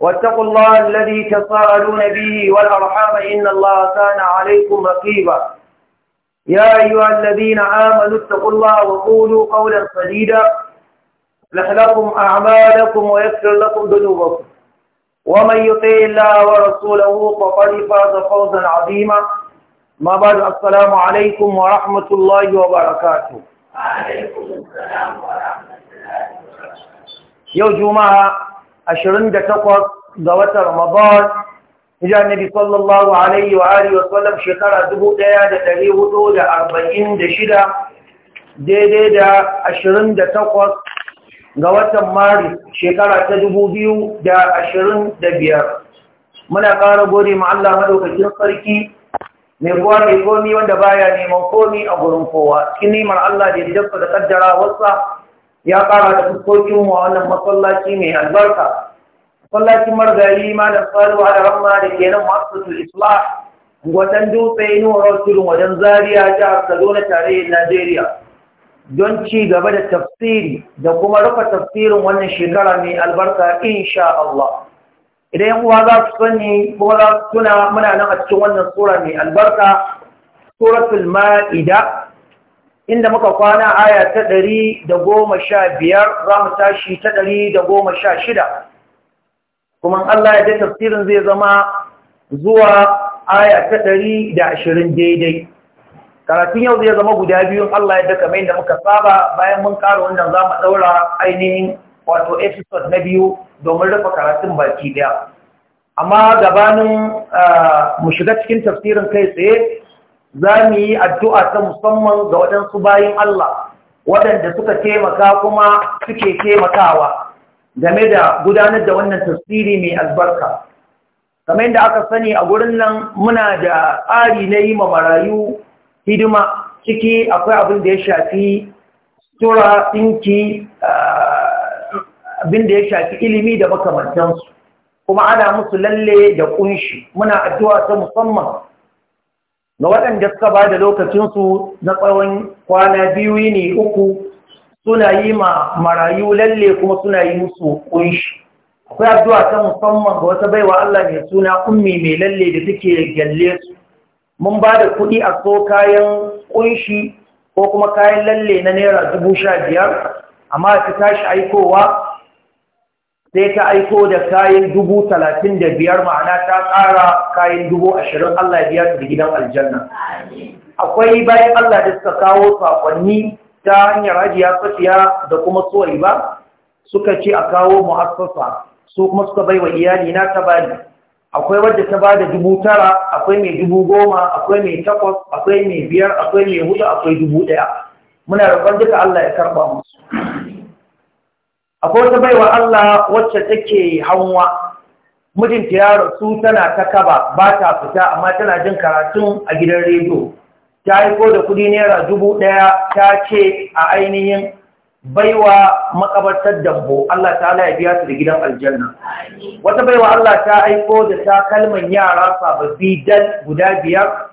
واتقوا الله الذي تساءلون به والأرحام إن الله كان عليكم رقيبا يا أيها الذين آمنوا اتقوا الله وقولوا قولا سديدا يصلح لكم أعمالكم ويغفر لكم ذنوبكم ومن يطع الله ورسوله فقد فاز فوزا عظيما ما بعد السلام عليكم ورحمة الله وبركاته وعليكم السلام ورحمة الله وبركاته يا جماعه ashirin da takwas ga watan Ramadan Hijar Nabi sallallahu alaihi wa wa shekara dubu ɗaya da ɗari hudu da arba'in da shida daidai da ashirin da takwas ga watan Maris shekara ta dubu biyu da ashirin da biyar muna ƙara gode ma'alla Allah sarki mai ruwa mai komi wanda baya neman komi a gurin kowa kini nimar Allah da ya dafa da ƙaddara wasa ya ƙara da fuskokin mu a wannan masallaci mai albarka masallacin margari malam salihu da ramma da ke nan masu islah gwatan dutse inuwar tudun wajen zaria jihar kaduna tarayyar najeriya don ci gaba da tafsiri da kuma rufe tafsirin wannan shekara mai albarka insha Allah idan yan uwa za su sani kuma za su tuna muna nan a cikin wannan sura mai albarka suratul ma'ida inda muka kwana aya ta ɗari da goma sha biyar za mu tashi ta ɗari da goma sha shida kuma Allah ya da tafsirin zai zama zuwa aya ta ɗari da ashirin daidai karatun yau zai zama guda biyu Allah ya da mai da muka saba bayan mun ƙara wannan za mu ɗaura ainihin wato episode na biyu domin rufe karatun baki ɗaya amma gabanin ah, mu shiga cikin tafsirin kai tsaye za mu yi addu'a ta musamman ga waɗansu bayan Allah waɗanda suka taimaka kuma suke taimakawa game da gudanar da wannan tasiri mai albarka. Kamar yadda aka sani a gurin nan muna da tsari na yi ma marayu hidima ciki akwai abin da ya shafi tura ɗinki ah, abin da ya shafi ilimi da makamantansu kuma ana musu lalle da ƙunshi. muna addu'a ta musamman ga waɗanda suka ba da lokacinsu na tsawon kwana biyu ne uku suna yi ma marayu lalle kuma suna yi musu kunshi akwai addu'a ta musamman ga wata baiwa Allah mai suna ummi mai lalle da take gyalle su mun ba da kuɗi a so kayan kunshi ko kuma kayan lalle na naira dubu sha biyar amma ta tashi aikowa sai ta aiko da kayan dubu talatin da biyar ma'ana ta ƙara kayan dubu ashirin Allah ya biya su da gidan aljanna akwai bayan Allah da suka kawo sakonni ta hanyar hajiya safiya da kuma suwai ba suka ce a kawo mu'assasa su kuma suka bai wa iyali na ta bani akwai wadda ta ba da dubu tara akwai mai dubu goma akwai mai takwas akwai mai biyar akwai mai hudu akwai dubu ɗaya muna roƙon duka Allah ya karɓa musu akwai wata baiwa Allah wacce take hanwa mijinta ya rasu tana ta kaba ba ta fita amma tana jin karatun a gidan rediyo ta aiko da kudi naira dubu ɗaya, ta ce a ainihin baiwa makabartar dambo Allah ta ala ya biya su da gidan aljanna wata baiwa Allah ta aiko da ta kalman yara sababbi dal guda biyar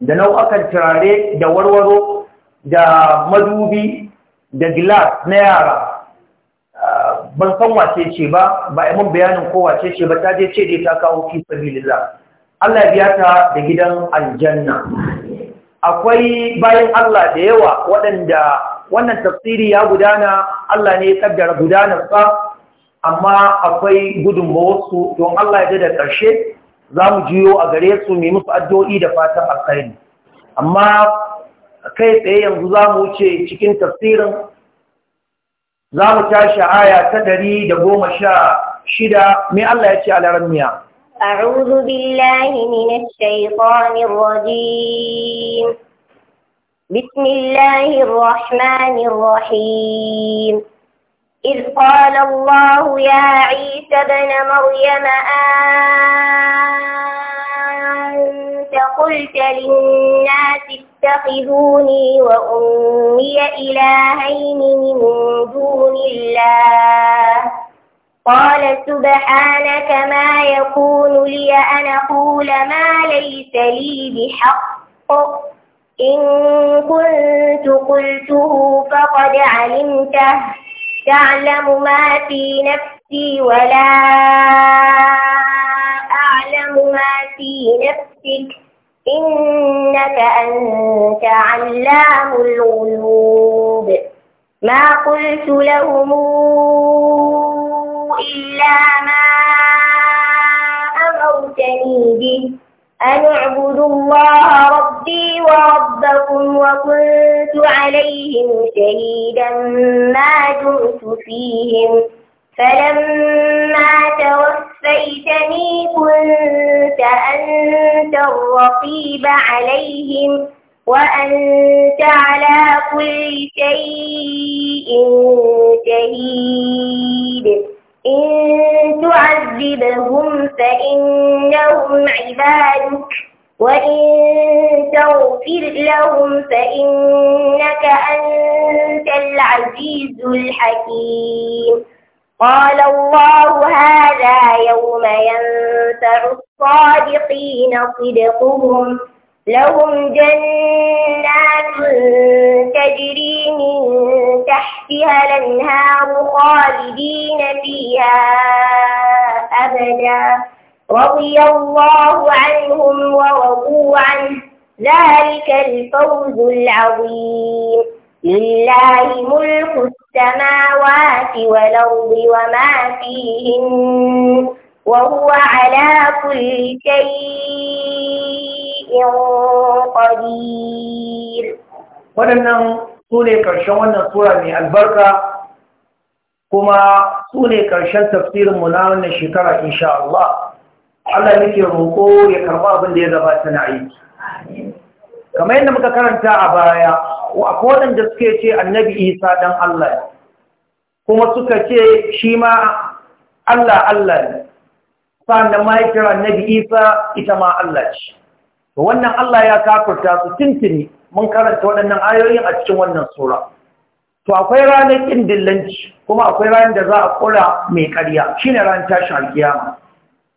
da nau'akan turare da warwaro da madubi da gilas na yara ban san wace ce ba ba mun bayanin ko wace ce ba ta je ce dai ta kawo fi sabilillah Allah ya biya ta da gidan aljanna akwai bayan Allah da yawa waɗanda wannan tafsiri ya gudana Allah ne ya kaddara gudanarsa amma akwai gudunmawarsu don Allah ya da ƙarshe za mu jiyo a gare su mai musu addu'o'i da fatan alkhairi amma kai tsaye yanzu za mu wuce cikin tafsirin za mu tashi aya ta 116 me Allah ya a laran miya. أعوذ بالله من الشيطان الرجيم بسم الله الرحمن الرحيم إذ قال الله يا عيسى بن مريم آنت قلت للناس تتخذوني وأمي إلهين من دون الله قال سبحانك ما يكون لي أن أقول ما ليس لي بحق إن كنت قلته فقد علمته تعلم ما في نفسي ولا أعلم ما في نفسك إنك أنت علام الغيوب ما قلت لهم إلا ما أمرتني به أن اعبدوا الله ربي وربكم وكنت عليهم شهيدا ما دمت فيهم فلما توفيتني كنت أنت الرقيب عليهم وأنت على كل شيء شهيد إن تعذبهم فإنهم عبادك وإن تغفر لهم فإنك أنت العزيز الحكيم قال الله هذا يوم ينفع الصادقين صدقهم لهم جنات تجري من تحتها الانهار خالدين فيها أبدا رضي الله عنهم ورضوا عنه ذلك الفوز العظيم لله ملك السماوات والأرض وما فيهن وهو على كل شيء قدير waɗannan su ne ƙarshen wannan sura mai albarka kuma su ne ƙarshen tafsirinmu na wannan shekara insha Allah Allah nake roƙo ya karɓa abin da ya gabata na aiki kamar yadda muka karanta a baya akwai waɗanda suke ce annabi isa ɗan Allah kuma suka ce shi ma Allah Allah ne sannan mahaifiyar annabi isa ita ma Allah ce wannan Allah ya kafurta su tintini mun karanta waɗannan ayoyin a cikin wannan sura to akwai ranar ƙin dillanci kuma akwai ranar da za a ƙura mai ƙarya shine ranar tashin alkiyama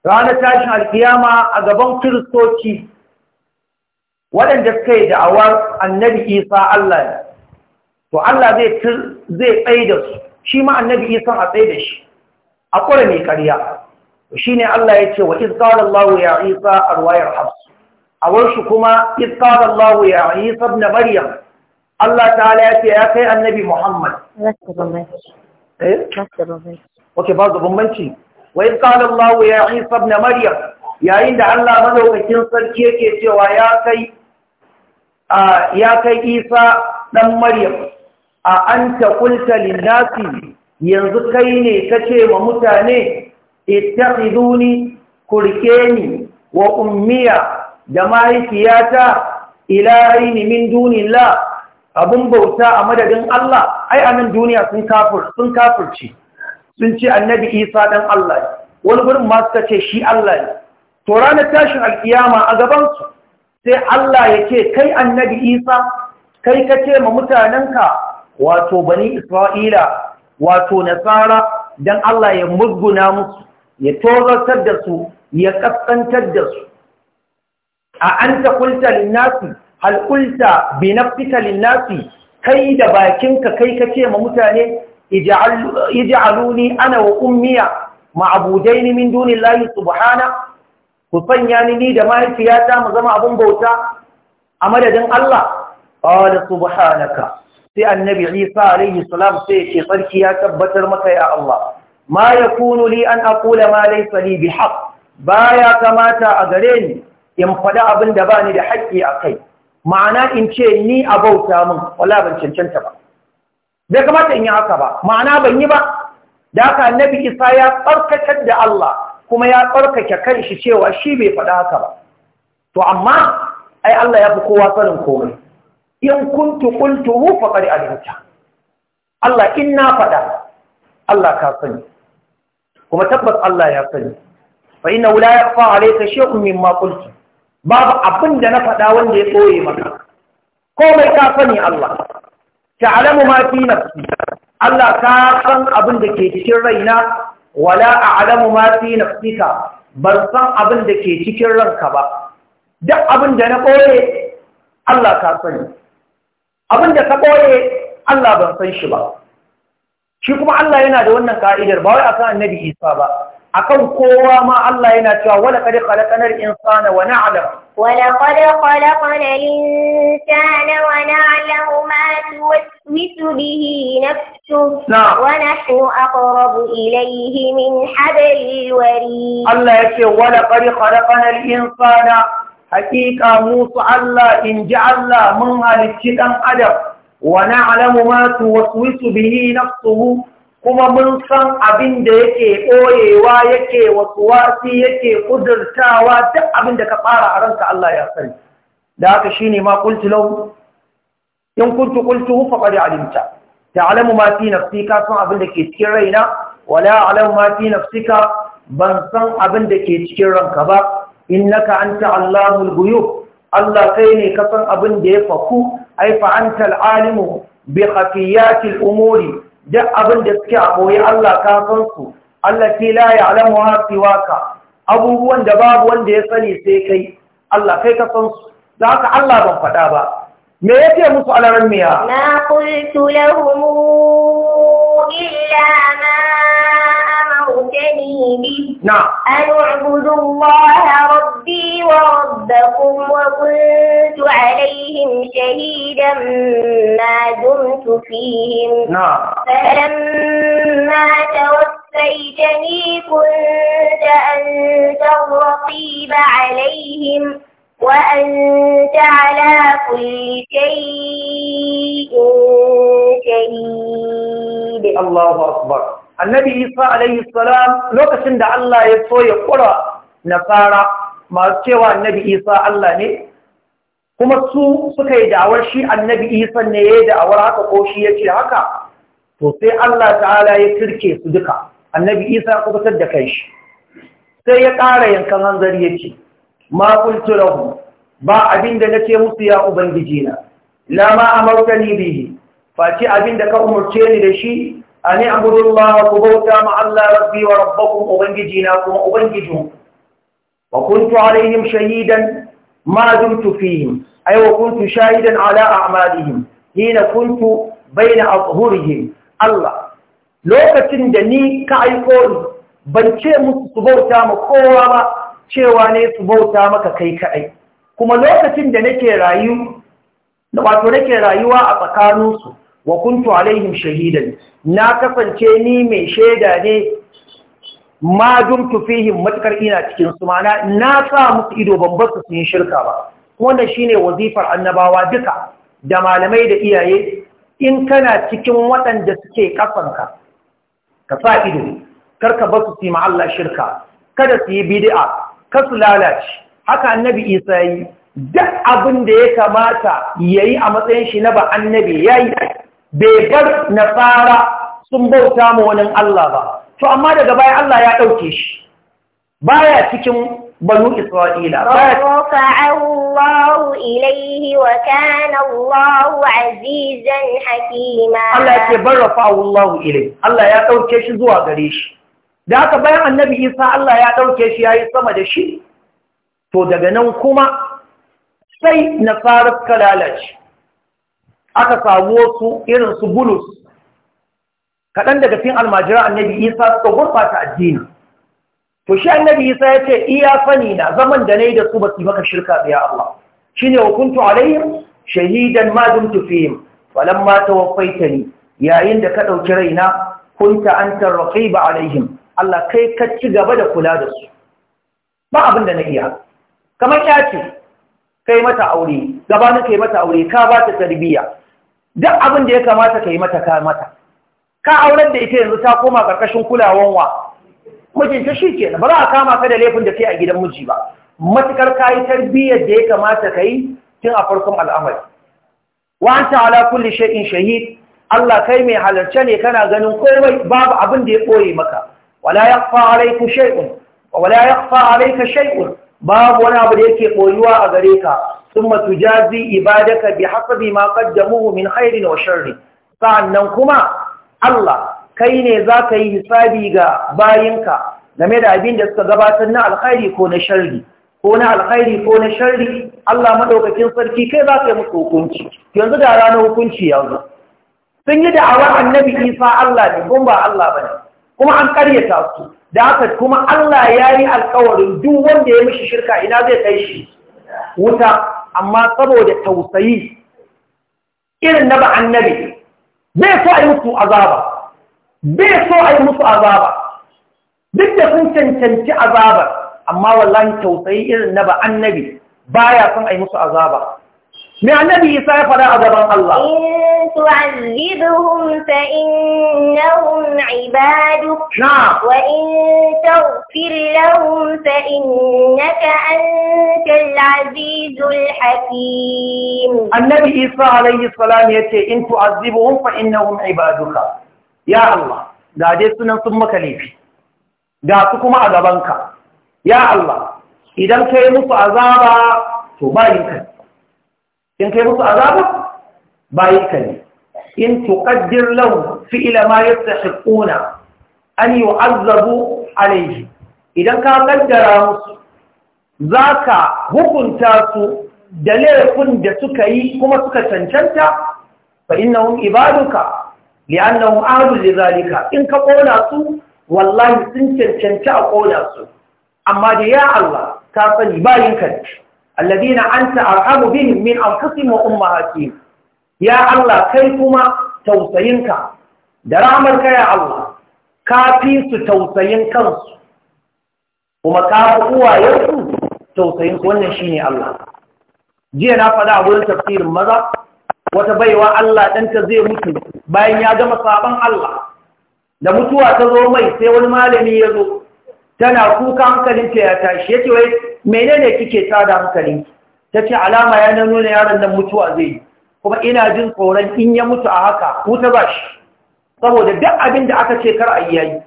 ranar tashin alkiyama a gaban kiristoci waɗanda suka yi da'awar annabi isa Allah ne to Allah zai tsaye da su shi ma annabi isa a tsaye da shi a ƙura mai ƙarya shi ne Allah ya ce wa izkalallahu ya isa a ruwayar hafsu a warshi kuma izkalallahu ya isa na maryam Allah ta ya ce ya kai annabi Muhammad. Wace eh? ba bambanci. Wa izkalallahu ya isa na maryam yayin da Allah madaukakin sarki yake cewa ya kai ya kai isa ɗan maryam a an ta kulta linnasi yanzu kai ne ka ce ma mutane ittakhiduni kurke ni wa ummiya da mahaifiyata ilahaini min dunillah Abin bauta a madadin Allah ai a nan duniya sun kafir sun ce annabi Isa ɗan Allah wani gurin masu suka ce shi Allah ne to ranar tashin alkiyama a gabansu sai Allah ya ce kai annabi Isa kai ka ce ma mutanenka wato bani Isra'ila wato nasara don Allah ya musguna musu ya tozartar da su ya kaskantar da su a an ta kulta linnasi halkulta bi linnasi kai da bakinka kai ka ce ma mutane ij'aluni ana wa ummiya ma'budaini min layi subhana ku sanya ni ni da mahaifiyata mu zama abin bauta a madadin Allah qala subhanaka sai annabi Isa alaihi salam sai ya ce sarki ya tabbatar maka ya Allah ma yakunu li an aqula ma laysa li bihaq baya kamata a gare ni in faɗi abin da bani da haƙƙi a kai ma'ana in ce ni a bauta min wala ban cancanta ba bai kamata in yi haka ba ma'ana ban yi ba da haka annabi Isa ya tsarkakar da Allah kuma ya tsarkake shi cewa shi bai faɗa haka ba to amma ai Allah ya fi kowa sanin komai in kuntu kuntu ƙari a alimta Allah in na faɗa Allah ka sani kuma tabbas Allah ya sani fa inna la yakhfa alayka shay'un mimma qultu babu abin da na faɗa wanda ya tsoye maka komai ka sani Allah ta'lamu ma fi nafsi Allah ka san abin da ke cikin raina wala a a'lamu ma fi fika ban san abin da ke cikin ranka ba duk abin da na ɓoye Allah ka sani abin da ka ɓoye Allah ban san shi ba shi kuma Allah yana da wannan ka'idar ba wai akan annabi Isa ba akan kowa ma Allah yana cewa wala qad khalaqnal insana wa na'lam wala qad khalaqnal insana wa na'lamu ma tuwaswisu bihi nafsuhu wa nahnu aqrabu ilayhi min hablil warid Allah yace wala qad khalaqnal insana hakika musu Allah in ji Allah mun halicci dan adam wa na'lamu ma tuwaswisu bihi nafsuhu kuma mun san abin da yake ɓoyewa yake wasuwasi yake ƙudurtawa duk abin da ka fara a ranka Allah ya sani da haka shi ne ma ƙultu lau in kuntu ƙultu hufa ƙwari alimta ta alamu ma fi san abin da ke cikin raina wala alamu ma fi ban san abin da ke cikin ranka ba innaka anta allahul guyub Allah kai ne ka san abin da ya faku ai fa alimu bi khafiyati umuri duk abin da suke a ɓoye Allah ka san su Allah ke laye alamu ha waka, abubuwan da babu wanda ya sani sai kai Allah kai ka san su da haka Allah ban faɗa ba ما يا موسى من مياه ما قلت لهم إلا ما أمرتني به نعم أن أعبد الله ربي وربكم وكنت عليهم شهيدا ما دمت فيهم نعم فلما توفيتني كنت أنت الرقيب عليهم وأنت على كل شيء شهيد الله أكبر النبي عيسى عليه السلام لو كشند الله يسوي قرى نصارى ما cewa annabi Isa Allah ne kuma su suka yi da'awar shi annabi Isa ne ya yi da'awar haka ko shi ya ce haka to sai Allah ta'ala ya turke su duka annabi Isa ya kubutar da kai shi sai ya ƙara yankan hanzari ya ce ma qultu lahum ba abinda nace musu ya ubangiji na la ma amartani bihi abin abinda ka umurce ni da shi ani abudullah ku bauta ma Allah rabbi wa rabbakum ubangiji na kuma ubangijin wa kuntu alaihim shahidan ma dumtu fihim ay wa kuntu shahidan ala a'malihim hina kuntu baina azhurihim Allah lokacin da ni ka aiko ban ce musu su bauta ma kowa ba cewa ne su bauta maka kai kaɗai kuma lokacin da nake rayu wato nake rayuwa a tsakaninsu wa kuntu alaihim shahidan na kasance ni mai shaida ne ma dumtu fihim matakar ina cikin su mana na sa musu ido ban bar su yi shirka ba wannan shine wazifar annabawa duka da malamai da iyaye in kana cikin waɗanda suke kafanka ka sa ido karka basu su yi ma Allah shirka kada su yi bidi'a. kasu lalace haka annabi isa yi duk abin da ya kamata ya yi a matsayin shi na ba annabi ya yi bai bar na fara sun bauta ma wani Allah ba to amma daga baya Allah ya ɗauke shi baya cikin banu isra'ila رفع الله إليه وكان الله عزيزا حكيما الله يتبرفع الله إليه الله يتوكيش da aka bayan annabi isa Allah ya ɗauke shi ya yi sama da shi to daga nan kuma sai nasarar ka lalace aka samu wasu irin su bulus kaɗan daga fin almajira annabi isa suka ta addini to shi annabi isa ya ce iya sani na zaman da na yi da su ba su maka shirka biya Allah shi ne hukuntu alayhim shahidan ma dumtu fihim falamma tawaffaitani yayin da ka ɗauki raina kunta antar raqiba alaihim Allah kai ka ci gaba da kula da su ba abin da na iya kamar ya ce kai mata aure gabanin kai mata aure ka ba ta tarbiyya duk abin da ya kamata ka mata ka mata ka auren da ita yanzu ta koma karkashin kulawan wa mijinta shi ke ba za a kama ka da laifin da kai a gidan miji ba matukar ka yi tarbiyyar da ya kamata ka tun a farkon al'amari wa anta ala kulli shay'in shahid Allah kai mai halarce ne kana ganin komai babu abin da ya ɓoye maka wala yaqfa alayka shay'un wala babu wani abu da yake koyuwa a gare ka thumma tujazi ibadaka bihasabi ma qaddamuhu min khairin wa sharri sa'annan kuma Allah kai ne zaka yi hisabi ga bayinka game da abin da suka gabatar na alkhairi ko na sharri ko na alkhairi ko na sharri Allah madaukakin sarki kai za ka yi musu hukunci yanzu da ranar hukunci yanzu sun yi da da'awar annabi Isa Allah ne kun ba Allah bane kuma an karyata su da haka kuma Allah ya yi alkawarin duk wanda ya mishi shirka ina zai kai shi wuta amma saboda tausayi irin na ba nabi, bai so a yi musu azaba bai so a yi musu azaba duk da sun cancanci azabar amma wallahi tausayi irin na ba annabi baya son a yi musu azaba me annabi isa ya faɗa a gaban Allah Na. Wa in نعم وإن تغفر لهم فإنك أنت العزيز الحكيم النبي عيسى عليه السلام in إن تعذبهم فإنهم عبادك يا الله دا dai sunan sun maka laifi ga su kuma a gabanka ya Allah idan kai musu azaba to bayin kai in kai musu azaba bayi ka ne in tuqaddir lahu fi'la ma yastahiquna an yu'azzabu alayhi idan ka kaddara musu zaka hukunta su da laifin da suka yi kuma suka cancanta fa innahum ibaduka li'annahum ahlu lidhalika in ka kona su wallahi sun cancanta a kona su amma da ya Allah ka sani bayin ka ne alladina anta arhamu bihim min anfusihim wa ummahatihim ya allah kai kuma tausayinka da rahmarka kaya allah kafi su tausayin kansu kuma ka fi uwayensu tausayin su wannan shine allah jiya na faɗa wurin tafsirin maza wata baiwa allah ɗanta zai mutu bayan ya zama saban allah da mutuwa ta zo mai sai wani malami ya zo tana kuka hankalinta ya tashi yake wai menene kike tsada hankalinki tace alama ya nuna yaron nan mutuwa zai yi kuma ina jin tsoron in ya mutu a haka wuta ba shi saboda duk abin da aka ce kar a yayi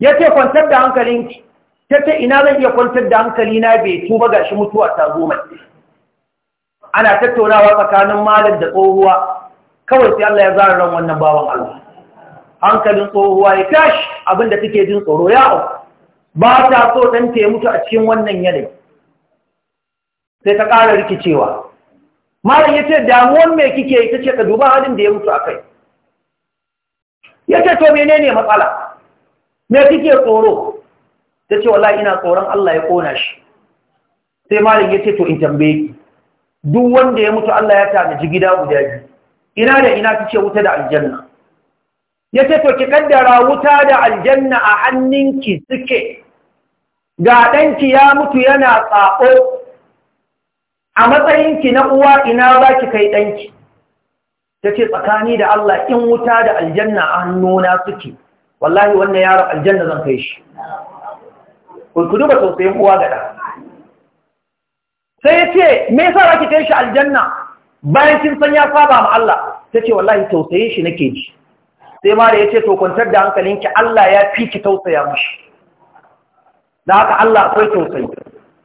ya ce kwantar da hankalinki ta ce ina zan iya kwantar da hankali na bai tuba gashi mutuwa ta zo mai ana tattaunawa tsakanin malam da tsohuwa kawai sai Allah ya zara ran wannan bawan Allah hankalin tsohuwa ya tashi abinda take jin tsoro ya au ba ta so ɗan ta mutu a cikin wannan yanayi sai ta ƙara rikicewa malam ya ce damuwan mai kike ita ce ka duba halin da ya mutu a kai ya ce to menene matsala me kike tsoro ta ce wala ina tsoron Allah ya ƙona shi sai malam ya ce to in tambaye ki duk wanda ya mutu Allah ya tanaji gida guda biyu ina da ina kike wuta da aljanna ya ce to ki kaddara wuta da aljanna a hannunki suke ga danki ya mutu yana tsako a matsayinki na uwa ina za ki kai danki. ta ce tsakani da Allah in wuta da aljanna a hannuna suke wallahi wannan yaron aljanna zan kai shi ku duba tausayin uwa ga sai ya ce me yasa za ki kai shi aljanna bayan kin san ya saba ma Allah ta ce wallahi tausayin shi nake ji sai ma da ya ce to kwantar da hankalinki Allah ya fi ki tausaya mashi. da haka Allah akwai tausayi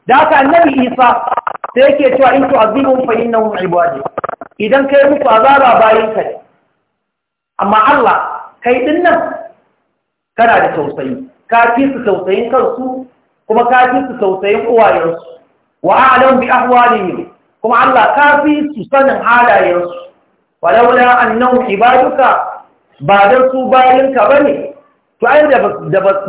da haka annabi Isa sai yake cewa in tu'azibum fa innahum ibadi idan kai muku azaba bayin ka amma Allah kai din nan kana da tausayi ka fi su tausayin kansu kuma ka fi su tausayin uwayensu wa a'lam bi ahwalihim kuma Allah ka fi su sanin halayensu walaula annahum ibaduka ba don su bayanka ba ne to an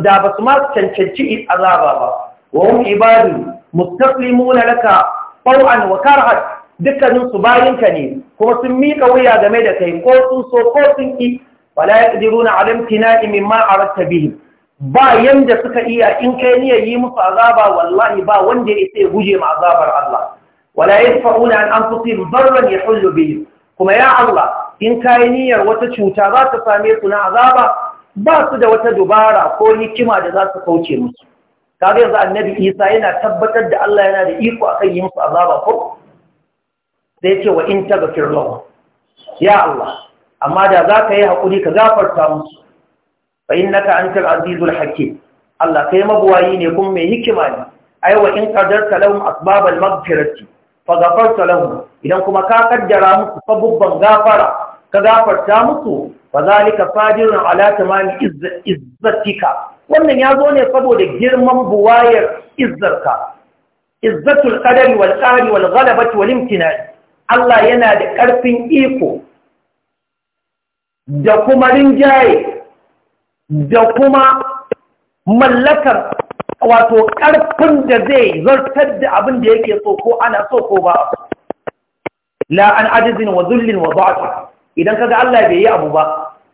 da ba su cancanci azaba ba wa ibadu mustaslimuna laka taw'an wa karhan dukkanin su ne kuma sun mika wuya game da kai ko sun so ko sun na wala yaqdiruna ala imtina'i mimma aradta bihi ba yanda suka iya in kai niyyar yi musu azaba wallahi ba wanda ya sai guje ma azabar Allah wala yadfa'una an anfusihim darran yahullu bihi kuma ya Allah in kayaniyar niyyar wata cuta za ta same su na azaba ba su da wata dubara ko hikima da za su kauce musu kaga yanzu annabi isa yana tabbatar da Allah yana da iko akan yi musu azaba ko sai ce wa in taghfir lahu ya Allah amma da za ka yi hakuri ka gafarta musu fa innaka antal azizul hakim Allah kai mabuwayi ne kuma mai hikima ne ai wa in qadarta lahum asbabal maghfirati fa ghafarta lahum idan kuma ka kaddara musu sabubban gafara ka gafarta musu fa zalika fadirun ala tamami izzatika wannan ya zo ne saboda girman buwayar izzarka izzatul qadari wal qahri wal ghalabati wal Allah yana da ƙarfin iko da kuma rinjaye da kuma mallakar wato ƙarfin da zai zartar da abin da yake so ko ana so ko ba la an ajizin wa zullin wa idan ka ga Allah bai yi abu ba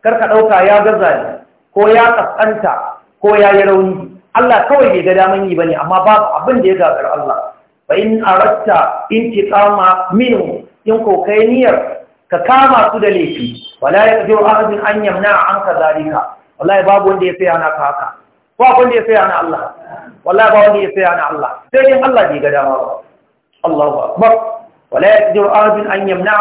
kar ka ɗauka ya gaza ne ko ya ƙasƙanta, ko ya yi rauni Allah kawai bai ga daman yi ba ne, amma babu abin da ya gagar Allah Ba in aratta intiqama minhu in ko kai niyyar ka kama su da laifi wala yaqdiru ahadun an yamna anka zalika wallahi babu wanda ya saya na haka ko abin da ya saya na Allah wallahi babu wanda ya saya na Allah sai in Allah bai ga dama ba Allahu akbar wala yaqdiru ahadun an yamna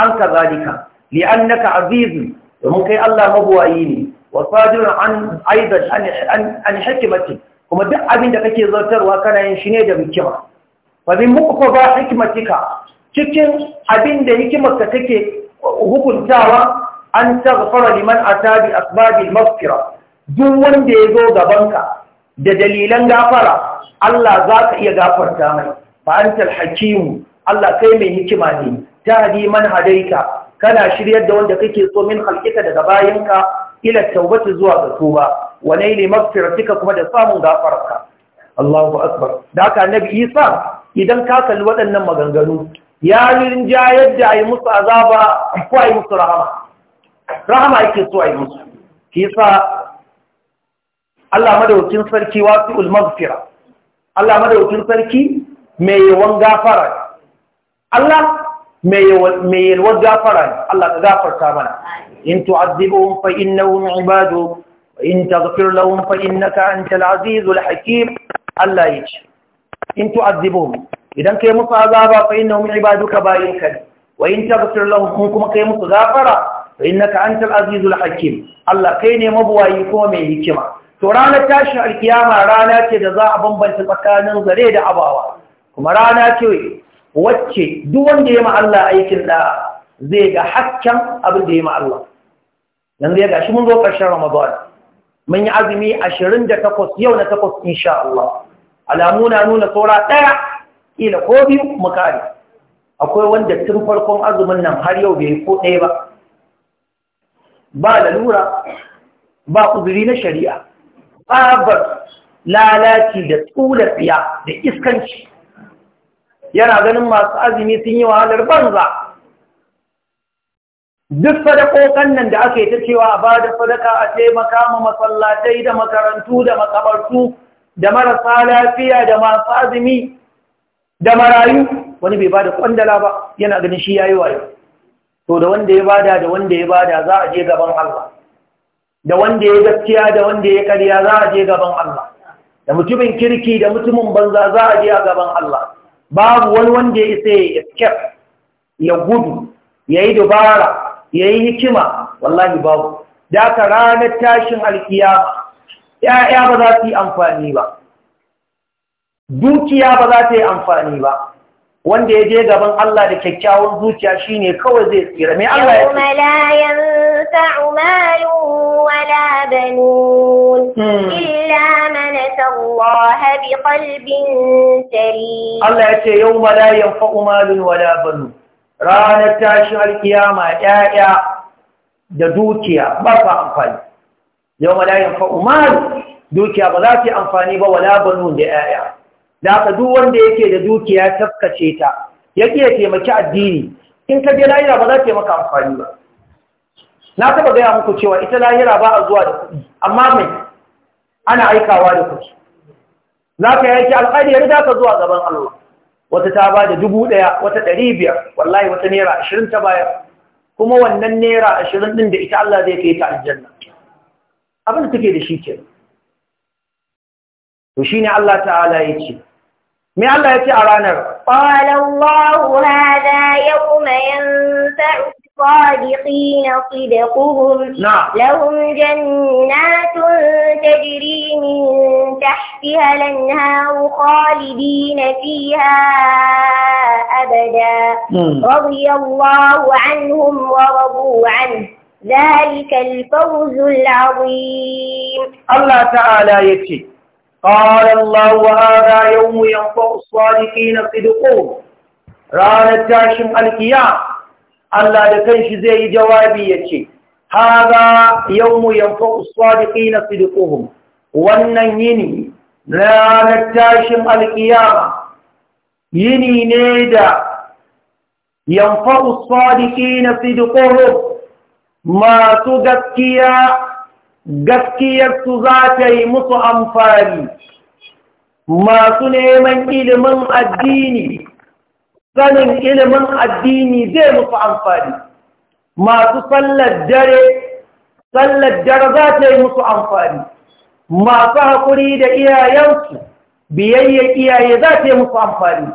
anka zalika li'annaka azizun domin kai Allah mabuwayi ne wa sadirun an an hikimati kuma duk abinda kake zartarwa kana shine shi ne da hikima fa bin muqtaba hikmatika cikin abinda da hikimarka take hukuntawa an taghfara liman ata bi asbabil maghfira duk wanda ya zo gabanka da dalilan gafara Allah za ka iya gafarta mai fa hakimu Allah kai mai hikima ne tahdi man hadaita kana shiryar da wanda kake so min halkika daga bayanka ila taubati zuwa ga tuba wa naili maghfiratika kuma da samun gafararka Allahu akbar da haka annabi Isa idan ka kalli waɗannan maganganu ya yadda da ayi musu azaba ko ayi musu rahama rahama yake so ayi musu kisa Allah madaukin sarki wasi'ul magfira. Allah madaukin sarki mai yawan gafara Allah mai yalwar gafara ne Allah ka gafarta mana in tu'azzibuhum fa innahum ibadu in taghfir lahum fa innaka antal azizul hakim Allah yace in tu'azzibuhum idan kai musu azaba fa innahum ibaduka bayinka ne wa in taghfir lahum kun kuma kai musu gafara fa innaka antal azizul hakim Allah kai ne mabuwayi kuma mai hikima to ranar tashin alkiyama rana ce da za a bambanta tsakanin zare da abawa kuma rana ce wacce duk wanda ya ma Allah aikin da zai ga hakkan abin da ya ma Allah yanzu ya gashi mun zo ƙarshen Ramadan mun yi azumi 28 yau na 8 insha Allah alamu na nuna saura ɗaya ila ko biyu mu kare akwai wanda tun farkon azumin nan har yau bai ko ɗaya ba ba lalura ba kuzuri na shari'a tsabar lalaci da tsula tsiya da iskanci yana ganin masu azumi sun yi wahalar banza duk sadakokan nan da aka yi ta cewa ba da sadaka a taimaka ma masallatai da makarantu da makabartu da marasa lafiya da masu azumi da marayu wani bai ba da kwandala ba yana ganin shi ya yi wayo to da wanda ya bada da wanda ya bada za a je gaban Allah da wanda ya gaskiya da wanda ya karya za a je gaban Allah da mutumin kirki da mutumin banza za a je a gaban Allah babu wani wanda ya isa ya escape ya gudu ya yi dubara ya yi hikima wallahi babu da ka ranar tashin alkiya ‘ya'ya ba za su yi amfani ba dukiya ba za ta yi amfani ba wanda ya je gaban Allah da kyakkyawan zuciya shine kawai zai tsira mai Allah ya ce la yanfa'u hmm. illa man atallaha bi qalbin salim Allah ya ce yau malayan yanfa'u malun wala banu. ranar tashi alkiyama ƴaƴa da dukiya ba fa amfani Yau malayan yanfa'u malu dukiya ba za su yi amfani ba wala banu da ƴaƴa da haka duk wanda yake da dukiya taskace ta yake ya taimaki addini in ka je lahira ba za ta maka amfani ba na taba gaya muku cewa ita lahira ba a zuwa da kuɗi amma mai ana aikawa da kuɗi za ka yanki alƙali ya za ka zuwa gaban Allah wata ta ba da dubu ɗaya wata ɗari biyar wallahi wata naira ashirin ta bayar kuma wannan naira ashirin ɗin da ita Allah zai kai ta aljanna abin da take da shi kenan. to shine Allah ta'ala ya ce Me Allah ya ce a ranar? Ƙwalallahu hada yau mayan الصادقين صدقهم نعم. لهم جنات تجري من تحتها الانهار خالدين فيها أبدا رضي الله عنهم ورضوا عنه ذلك الفوز العظيم الله تعالى يكفي قال الله وهذا يوم ينفع الصادقين صدقهم ranar tashin alkiya Allah da kanshi zai yi jawabi ya ce, Haza yawmu yamfa uswadiki na sidikuhun, wannan yini ranar tashin alkiya yini ne da yamfa uswadiki na masu gaskiya gaskiyarsu za ta yi musu amfani masu neman ilimin addini sanin ilimin addini zai musu amfani masu sallar dare sallar dare za ta yi musu amfani masu haƙuri da iyayensu biyayyar iyaye za ta yi musu amfani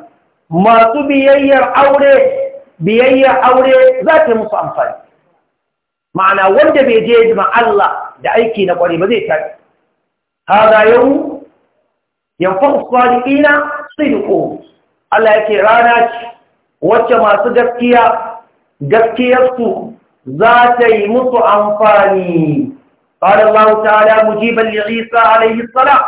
masu biyayyar aure biyayyar aure za ta yi musu amfani ma'ana wanda bai je ma Allah da aiki na ƙwari ba zai tafi haza yau ya fahimta da ina sai Allah ya ke rana ce wacce masu gaskiya gaskiyarsu za ta yi musu amfani ƙarar lau ta da mujibar ya isa alaihi tsara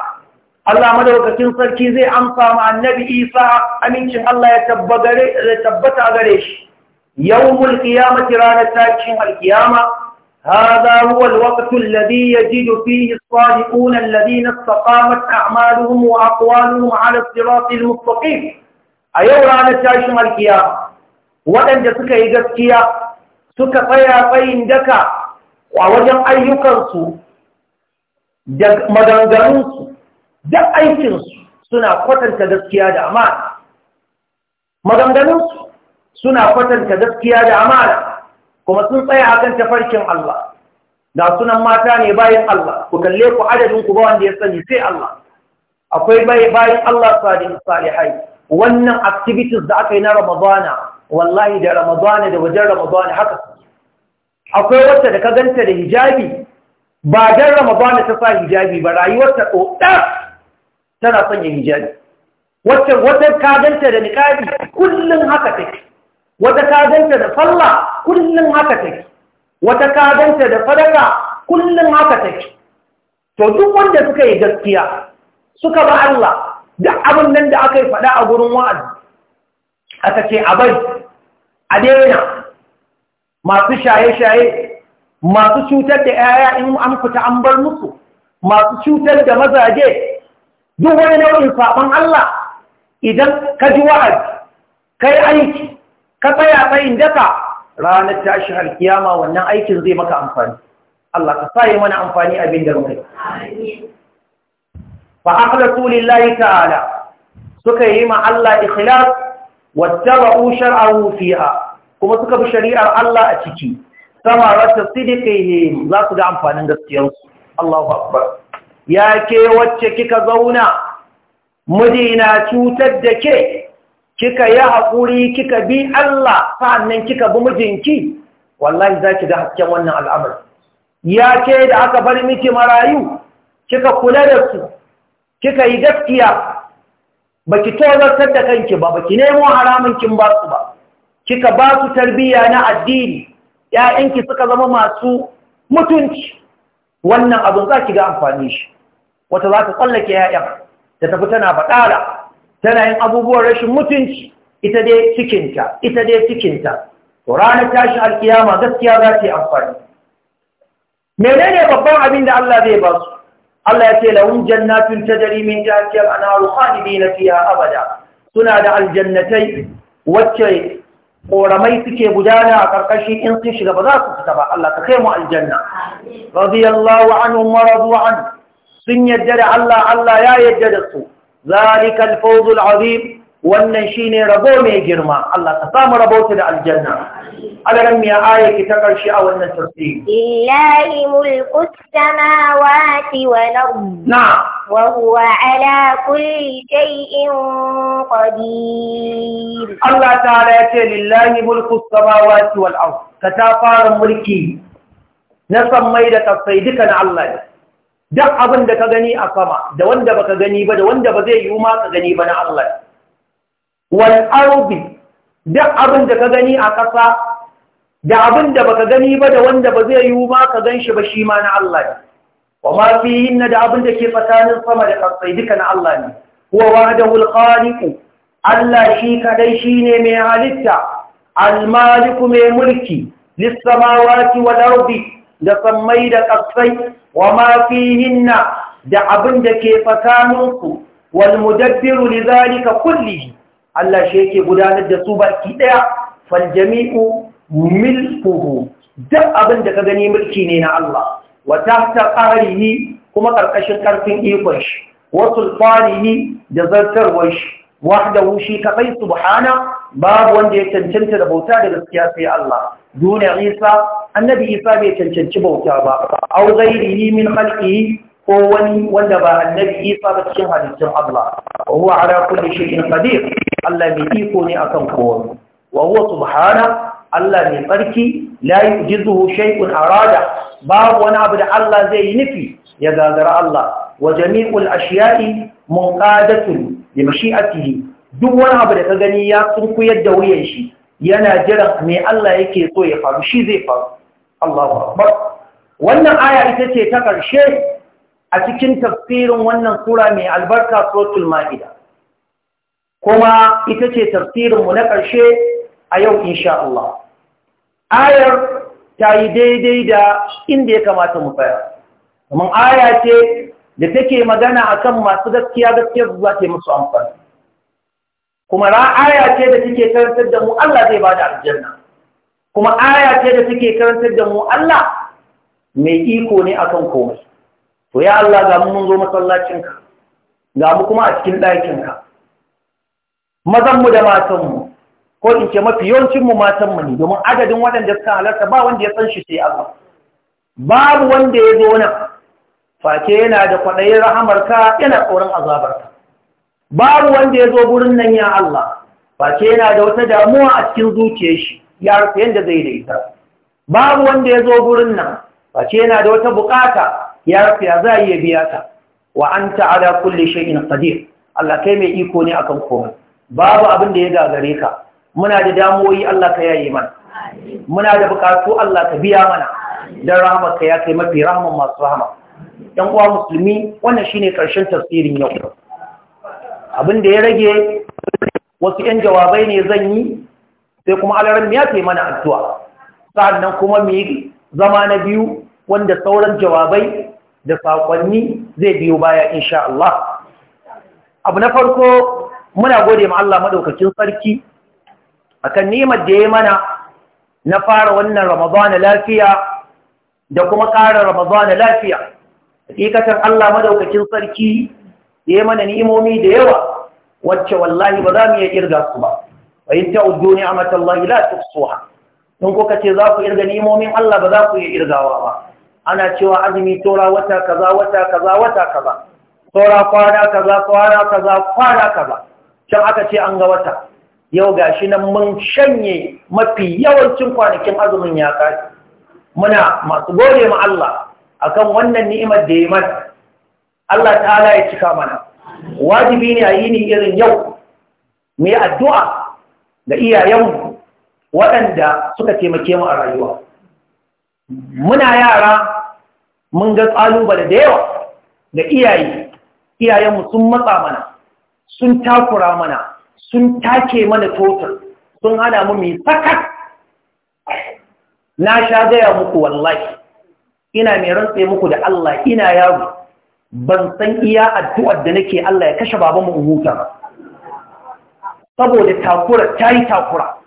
Allah madaukakin sarki zai amsa ma annabi isa amincin Allah ya tabbata gare shi yau mulki ya ranar takin alkiyama هذا هو الوقت الذي يجد فيه الصادقون الذين استقامت أعمالهم وأقوالهم على الصراط المستقيم أيوة على تاشم الكيام وأن جسك يجسكيا سك طيا طين دكا ووجم أي يكرسو مدنجرنسو دق أي كرسو سنة قتل تجسكيا دعمان maganganunsu suna kwatanta gaskiya da amana kuma sun tsaya kan tafarkin Allah da sunan mata ne bayan Allah ku kalle ku adadin ku ba wanda ya sani sai Allah akwai bayan Allah salihai wannan activities da aka yi na Ramadana wallahi da Ramadana da wajen Ramadana haka akwai wata da ka ganta da hijabi ba dan Ramadana ta sa hijabi ba rayuwarta ɗoɗa tana sanya hijabi wacce wata ka ganta da niƙabi kullum haka take wata kazanta da falla kullum haka take wata kazanta da sadaka kullum haka take to duk wanda suka yi gaskiya suka ba Allah duk abin nan da aka yi faɗa a gurin wa'azi aka ce a bai a daina masu shaye-shaye masu cutar da 'ya'ya in an fita an bar musu masu cutar da mazaje duk wani nau'in saban Allah idan ka ji wa'azi kai aiki ka tsaya tsayin daka ranar tashi har kiyama wannan aikin zai maka amfani Allah ka sa yi mana amfani abin da muka yi fa akhlasu lillahi ta'ala suka yi ma Allah ikhlas wattaba'u shar'ahu fiha kuma suka bi shari'ar Allah a ciki sama rata sidiqihi za su ga amfanin gaskiyarsu Allahu akbar ya ke wacce kika zauna mijina cutar da ke kika yi haƙuri kika bi Allah sannan kika bi mijinki wallahi za ki ga hasken wannan al'amur. ya ke da aka bari miki marayu kika kula da su kika yi gaskiya baki tozartar da kanki ba baki nemo haramun ba su ba kika ba su tarbiyya na addini yayanki suka zama masu mutunci wannan abin za ki ga amfani shi wata za ta tsallake yayan ta tafi tana baɗara tana yin abubuwan rashin mutunci ita dai cikinta ita dai cikinta ranar tashin alkiyama gaskiya za ta yi amfani menene babban abin da Allah zai ba su Allah ya ce lahum jannatin tajri min tahtiha al-anharu khalidina fiha abada suna da aljannatai wacce koramai suke gudana a ƙarƙashin in sun shiga ba za su fita ba Allah ka kai mu aljanna radiyallahu anhum wa radu an sun yadda da Allah Allah ya yadda da su zalikal fawzul azim wannan shine rabo mai girma Allah ta samu rabo da aljanna alaran miya aya ki ta karshe a wannan tafsiri lillahi mulku samawati wal ard na wa huwa ala kulli shay'in qadir Allah ta'ala ya ce lillahi mulku samawati wal ard ka ta fara mulki na sammai da kasai duka na Allah ne duk abin da ka gani a sama da wanda baka gani ba da wanda ba zai yi ma ka gani ba na Allah wal ardi duk abin da ka gani a ƙasa da abin da baka gani ba da wanda ba zai yi ma ka ganshi ba shi ma na Allah wa ma fihinna da abin da ke tsakanin sama da ƙasa duka na Allah ne huwa wahdahu al Allah shi kadai shine mai halitta al-maliku mai mulki lis samawati wal ardi da sammai da ƙasai wa ma da abin da ke tsakaninku wal mudabbiru li zalika kullihi Allah shi yake gudanar da su baki daya fal jami'u milkuhu duk abin da ka gani mulki ne na Allah wa tahta qarihi kuma karkashin karfin ikon shi wa sulfanihi da zartarwar shi wahdahu shi kadai subhana babu wanda ya cancanta da bauta da gaskiya sai Allah دون عيسى النبي عيسى بيتنشنش بوتا با أو غيره من خلقه هو وندبا النبي عيسى بتشنها للجن الله وهو على كل شيء قدير الله يكوني أكم قوم وهو سبحانه الله من تركي لا يجزه شيء أراد باب ونعبد الله زي نفي يغادر الله وجميع الأشياء منقادة لمشيئته دون عبد كغنية تنكو يدوي شيء yana jiran me Allah yake so ya faru shi zai faru Allahu akbar wannan aya ita ce ta ƙarshe a cikin tafsirin wannan sura mai albarka suratul ma'ida kuma ita ce tafsirinmu na ƙarshe a yau insha Allah ayar ta yi daidai da inda ya kamata mu tsaya domin aya ce da take magana akan masu gaskiya gaskiya za ta yi musu amfani kuma ra ce da take karantar da mu Allah zai bada aljanna kuma aya ce da take karantar da mu Allah mai iko ne akan komai to ya Allah ga mun zo masallacinka ga mu kuma a cikin ɗakinka mu da matanmu ko in ce mafi yawancinmu matanmu ne domin adadin waɗanda suka halarta ba wanda ya san shi sai Allah babu wanda ya zo nan face yana da kwaɗayin rahamarka yana tsoron azabarka babu wanda ya zo gurin nan ya Allah ce yana da wata damuwa a cikin zuciya shi ya rufe yadda zai da ita babu wanda ya zo gurin nan ce yana da wata bukata ya rufe ya za iya biya ta wa an anta ala shi ina kadir Allah kai mai iko ne akan komai babu abin da ya gagare ka muna da damuwoyi Allah ka yaye mana muna da bukatu Allah ka biya mana dan rahmar ka ya kai mafi rahaman masu rahama ɗan uwa musulmi wannan shine karshen tafsirin yau abin da ya rage wasu 'yan jawabai ne zan yi sai kuma alarar ya ce mana addu'a sa'annan kuma mu yi zama na biyu wanda sauran jawabai da saƙonni zai biyo baya insha Allah abu na farko muna gode ma Allah maɗaukakin sarki A kan nemar da ya yi mana na fara wannan ramazana lafiya da kuma ƙara ramazana lafiya hakikatar Allah maɗaukakin sarki ya mana ni'imomi da yawa wacce wallahi ba za mu iya kirga su ba wa in a ni'matallahi la tuhsuha in kuka ce za ku irga ni'imomin Allah ba za ku iya irgawa ba ana cewa azumi tora wata kaza wata kaza wata kaza tora kwana kaza kwana kaza kwana kaza can aka ce an ga wata yau gashi nan mun shanye mafi yawancin kwanakin azumin ya kai muna masu gode ma Allah akan wannan ni'imar da ya mana Allah ta'ala ya cika mana wajibi ne a yi ni irin yau mai addu'a ga iyayenmu waɗanda suka taimake mu a rayuwa muna yara mun ga ƙalubale da yawa da iyaye iyayenmu sun matsa mana sun takura mana sun take mana totar sun hana mu mai saka na sha gaya muku wallahi ina mai rantse muku da Allah ina yaro ban san iya addu'ar da nake Allah ya kashe baban mu huta ba saboda takura ta yi takura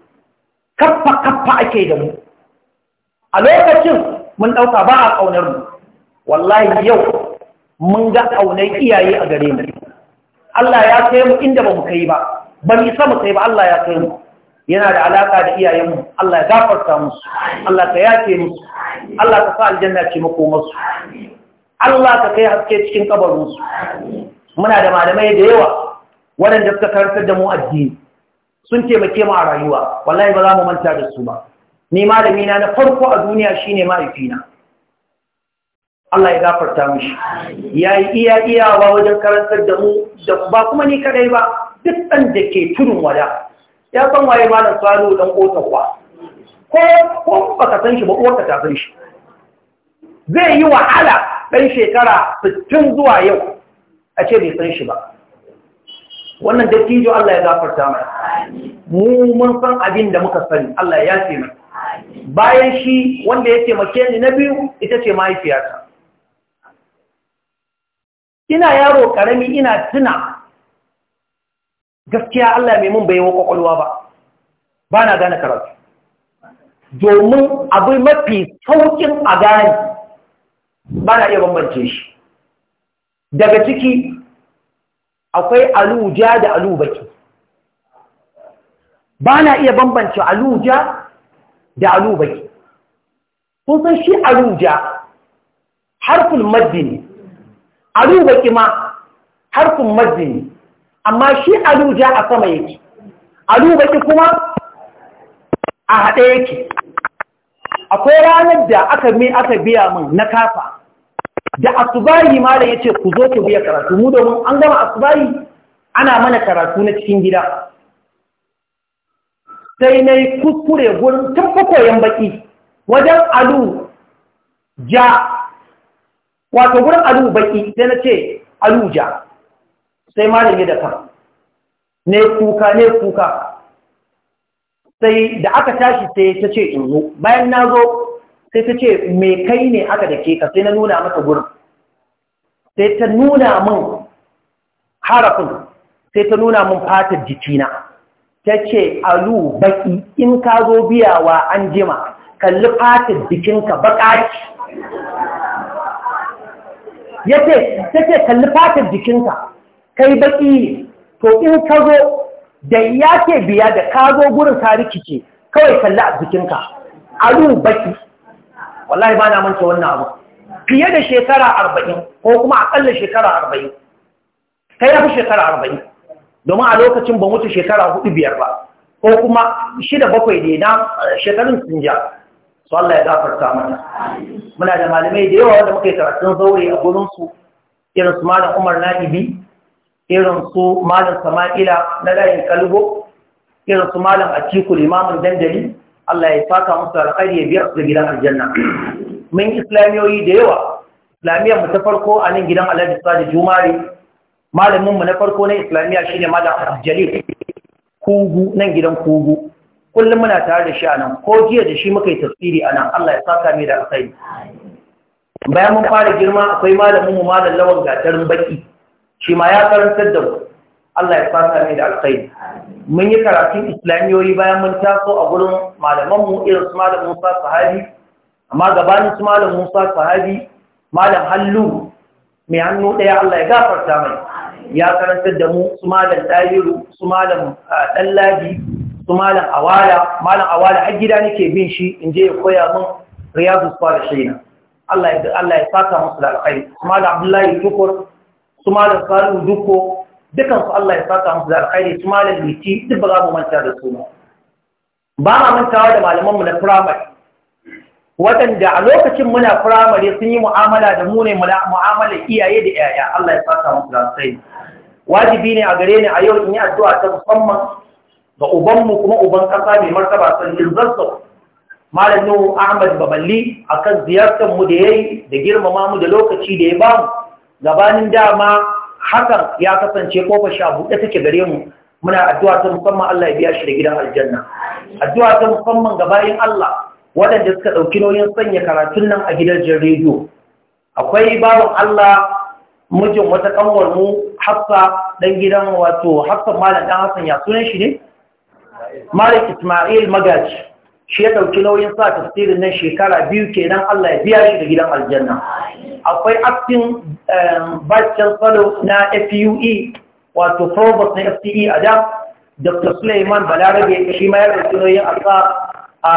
kaffa kaffa ake da mu a lokacin mun ɗauka ba a ƙaunar mu wallahi yau mun ga ƙaunar iyaye a gare mu Allah ya kai mu inda ba mu kai ba ba mu isa mu kai ba Allah ya kai mu yana da alaƙa da iyayenmu Allah ya gafarta musu Allah ka yake musu Allah ka sa aljanna ce makomarsu Allah ka kai haske cikin kabarinsu muna da malamai da yawa waɗanda suka karantar da mu addini sun taimake mu a rayuwa wallahi ba za mu manta da su ba ni malami na na farko a duniya shine mahaifina Allah ya gafarta mishi yayi iya iyawa wajen karantar da mu da ba kuma ni kadai ba duk ɗan da ke tudun wada ya san waye malam Salihu dan kotakwa ko ko baka san shi ba uwarka ta san shi zai yi wahala ɗan shekara 60 zuwa yau a ce bai san shi ba wannan dattijo Allah ya gafarta mai mu mun san abin da muka sani Allah ya yafe mai bayan shi wanda ya taimake ni na biyu ita ce mahaifiyata ina yaro karami ina tuna gaskiya Allah mai mun baiwa kwakwalwa ba ba na gane karatu domin abu mafi saukin a gane ba na iya bambance shi daga ciki akwai aluja da alubaki ba na iya bambance aluja da alubaki kun san shi aluja harfin maddi ne alubaki ma harfin maddi ne amma shi aluja a sama yake alubaki kuma a haɗe yake akwai ranar da aka aka biya min na kafa da asubahi malam yace ku zo ku biya karatu mu domin an gama asubahi ana mana karatu na cikin gida sai na yi kuskure gurin tun baki wajen alu ja wato gurin alu baki sai na ce alu ja sai malam ya dafa ne kuka ne kuka sai da aka tashi sai ta ce in zo bayan na zo sai ta ce me kai ne aka ke ka sai na nuna mata gurin sai ta nuna min harafin sai ta nuna min fatar jikina ta ce alu baki in ka zo biyawa an jima kalli fatar jikinka bakaki ya ce ta ce kalli fatar jikinka kai baki to in ka zo da ya ke biya da ka zo gurin ka rikice kawai kalli a jikinka alu baki wallahi ba na manta wannan abu fiye da shekara arba'in ko kuma akalla shekara arba'in ta yafi shekara arba'in domin a lokacin ban wuce shekara hudu biyar ba ko kuma shida bakwai ne na eh, shekarun sun ja su Allah ya gafarta mana muna da malamai da yawa wanda muka yi karatun zaure a gurinsu irin su malam umar na'ibi irin su malam sama'ila na layin kalbo irin su malam atiku limamin dandali Allah ya saka musu alƙari ya biyar da gidan aljanna mun islamiyoyi da yawa islamiyyar mu ta farko a nan gidan alhaji sadi jumari malamin mu na farko na islamiyya shine malam abdul kugu nan gidan kugu kullum muna tare da shi a nan ko jiya da shi muka yi tafsiri a nan Allah ya saka mai da bayan mun fara girma akwai malamin mu malam lawan gatarin baki shi ma ya karantar da mu Allah ya saka mai da mun yi karatun islamiyoyi bayan mun taso a gurin malamanmu irin su malam musa sahabi amma gabanin su malam musa sahabi malam hallu mai hannu ɗaya allah ya gafarta mai ya karantar da mu su malam ɗayiru su malam ah, ɗallabi su malam awala malam awala a gida nake bin shi in je ya koya min riyadu su fara shaina allah ya saka musu da alkhairi su malam abdullahi tukur su malam salihu duko Dukansu Allah ya saka musu da alkhairi su malam liti duk ba za mu manta da su ba ba ma mantawa da malaman mu na firamare. waɗanda a lokacin muna firamare sun yi mu'amala da mu ne mu'amala iyaye da yaya Allah ya saka musu da alkhairi wajibi ne a gare ni a yau in yi addu'a ta musamman ga ubanmu kuma uban ƙasa mai martaba sannin zazzau malam nuhu ahmad baballi akan ziyartar mu da yayi da girmama mu da lokaci da ya bamu gabanin dama hakan ya kasance kofa sha a buɗe take gare mu muna addu'a ta musamman Allah ya biya shi da gidan aljanna addu'a ta musamman ga bayin Allah waɗanda suka ɗauki nauyin sanya karatun nan a gidajen rediyo akwai babin Allah mijin wata kanwar mu hafsa ɗan gidan wato hafsa malam ɗan hassan ya sunan shi ne malik ismail magaji shi ya ɗauki nauyin sa tafsirin nan shekara biyu kenan Allah ya biya shi da gidan aljanna akwai aktin um, vice salo na FUE wato provost na FTE a da Dr. Suleiman Balarabe shi ma ya rubuta yin asa a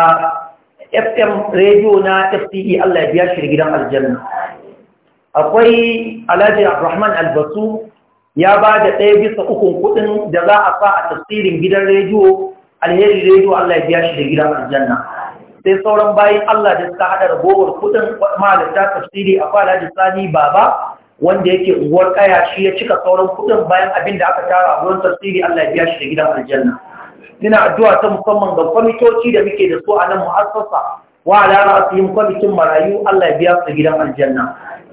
FM radio na FTE Allah ya biya shi gidan aljanna akwai Alhaji Abdulrahman Albasu ya ba da ɗaya bisa ukun kuɗin da za a sa a tasirin gidan rediyo alheri rediyo Allah ya biya shi da gidan aljanna sai sauran bayan Allah da suka haɗa ragowar kudin malinta tafsiri a fara da sani baba wanda yake unguwar kaya shi ya cika sauran kudin bayan abin da aka tara a tafsiri Allah ya biya shi da gidan aljanna ina addu'a ta musamman ga kwamitoci da muke da su a nan mu'assasa wa ala yin kwamitin marayu Allah ya biya su da gidan aljanna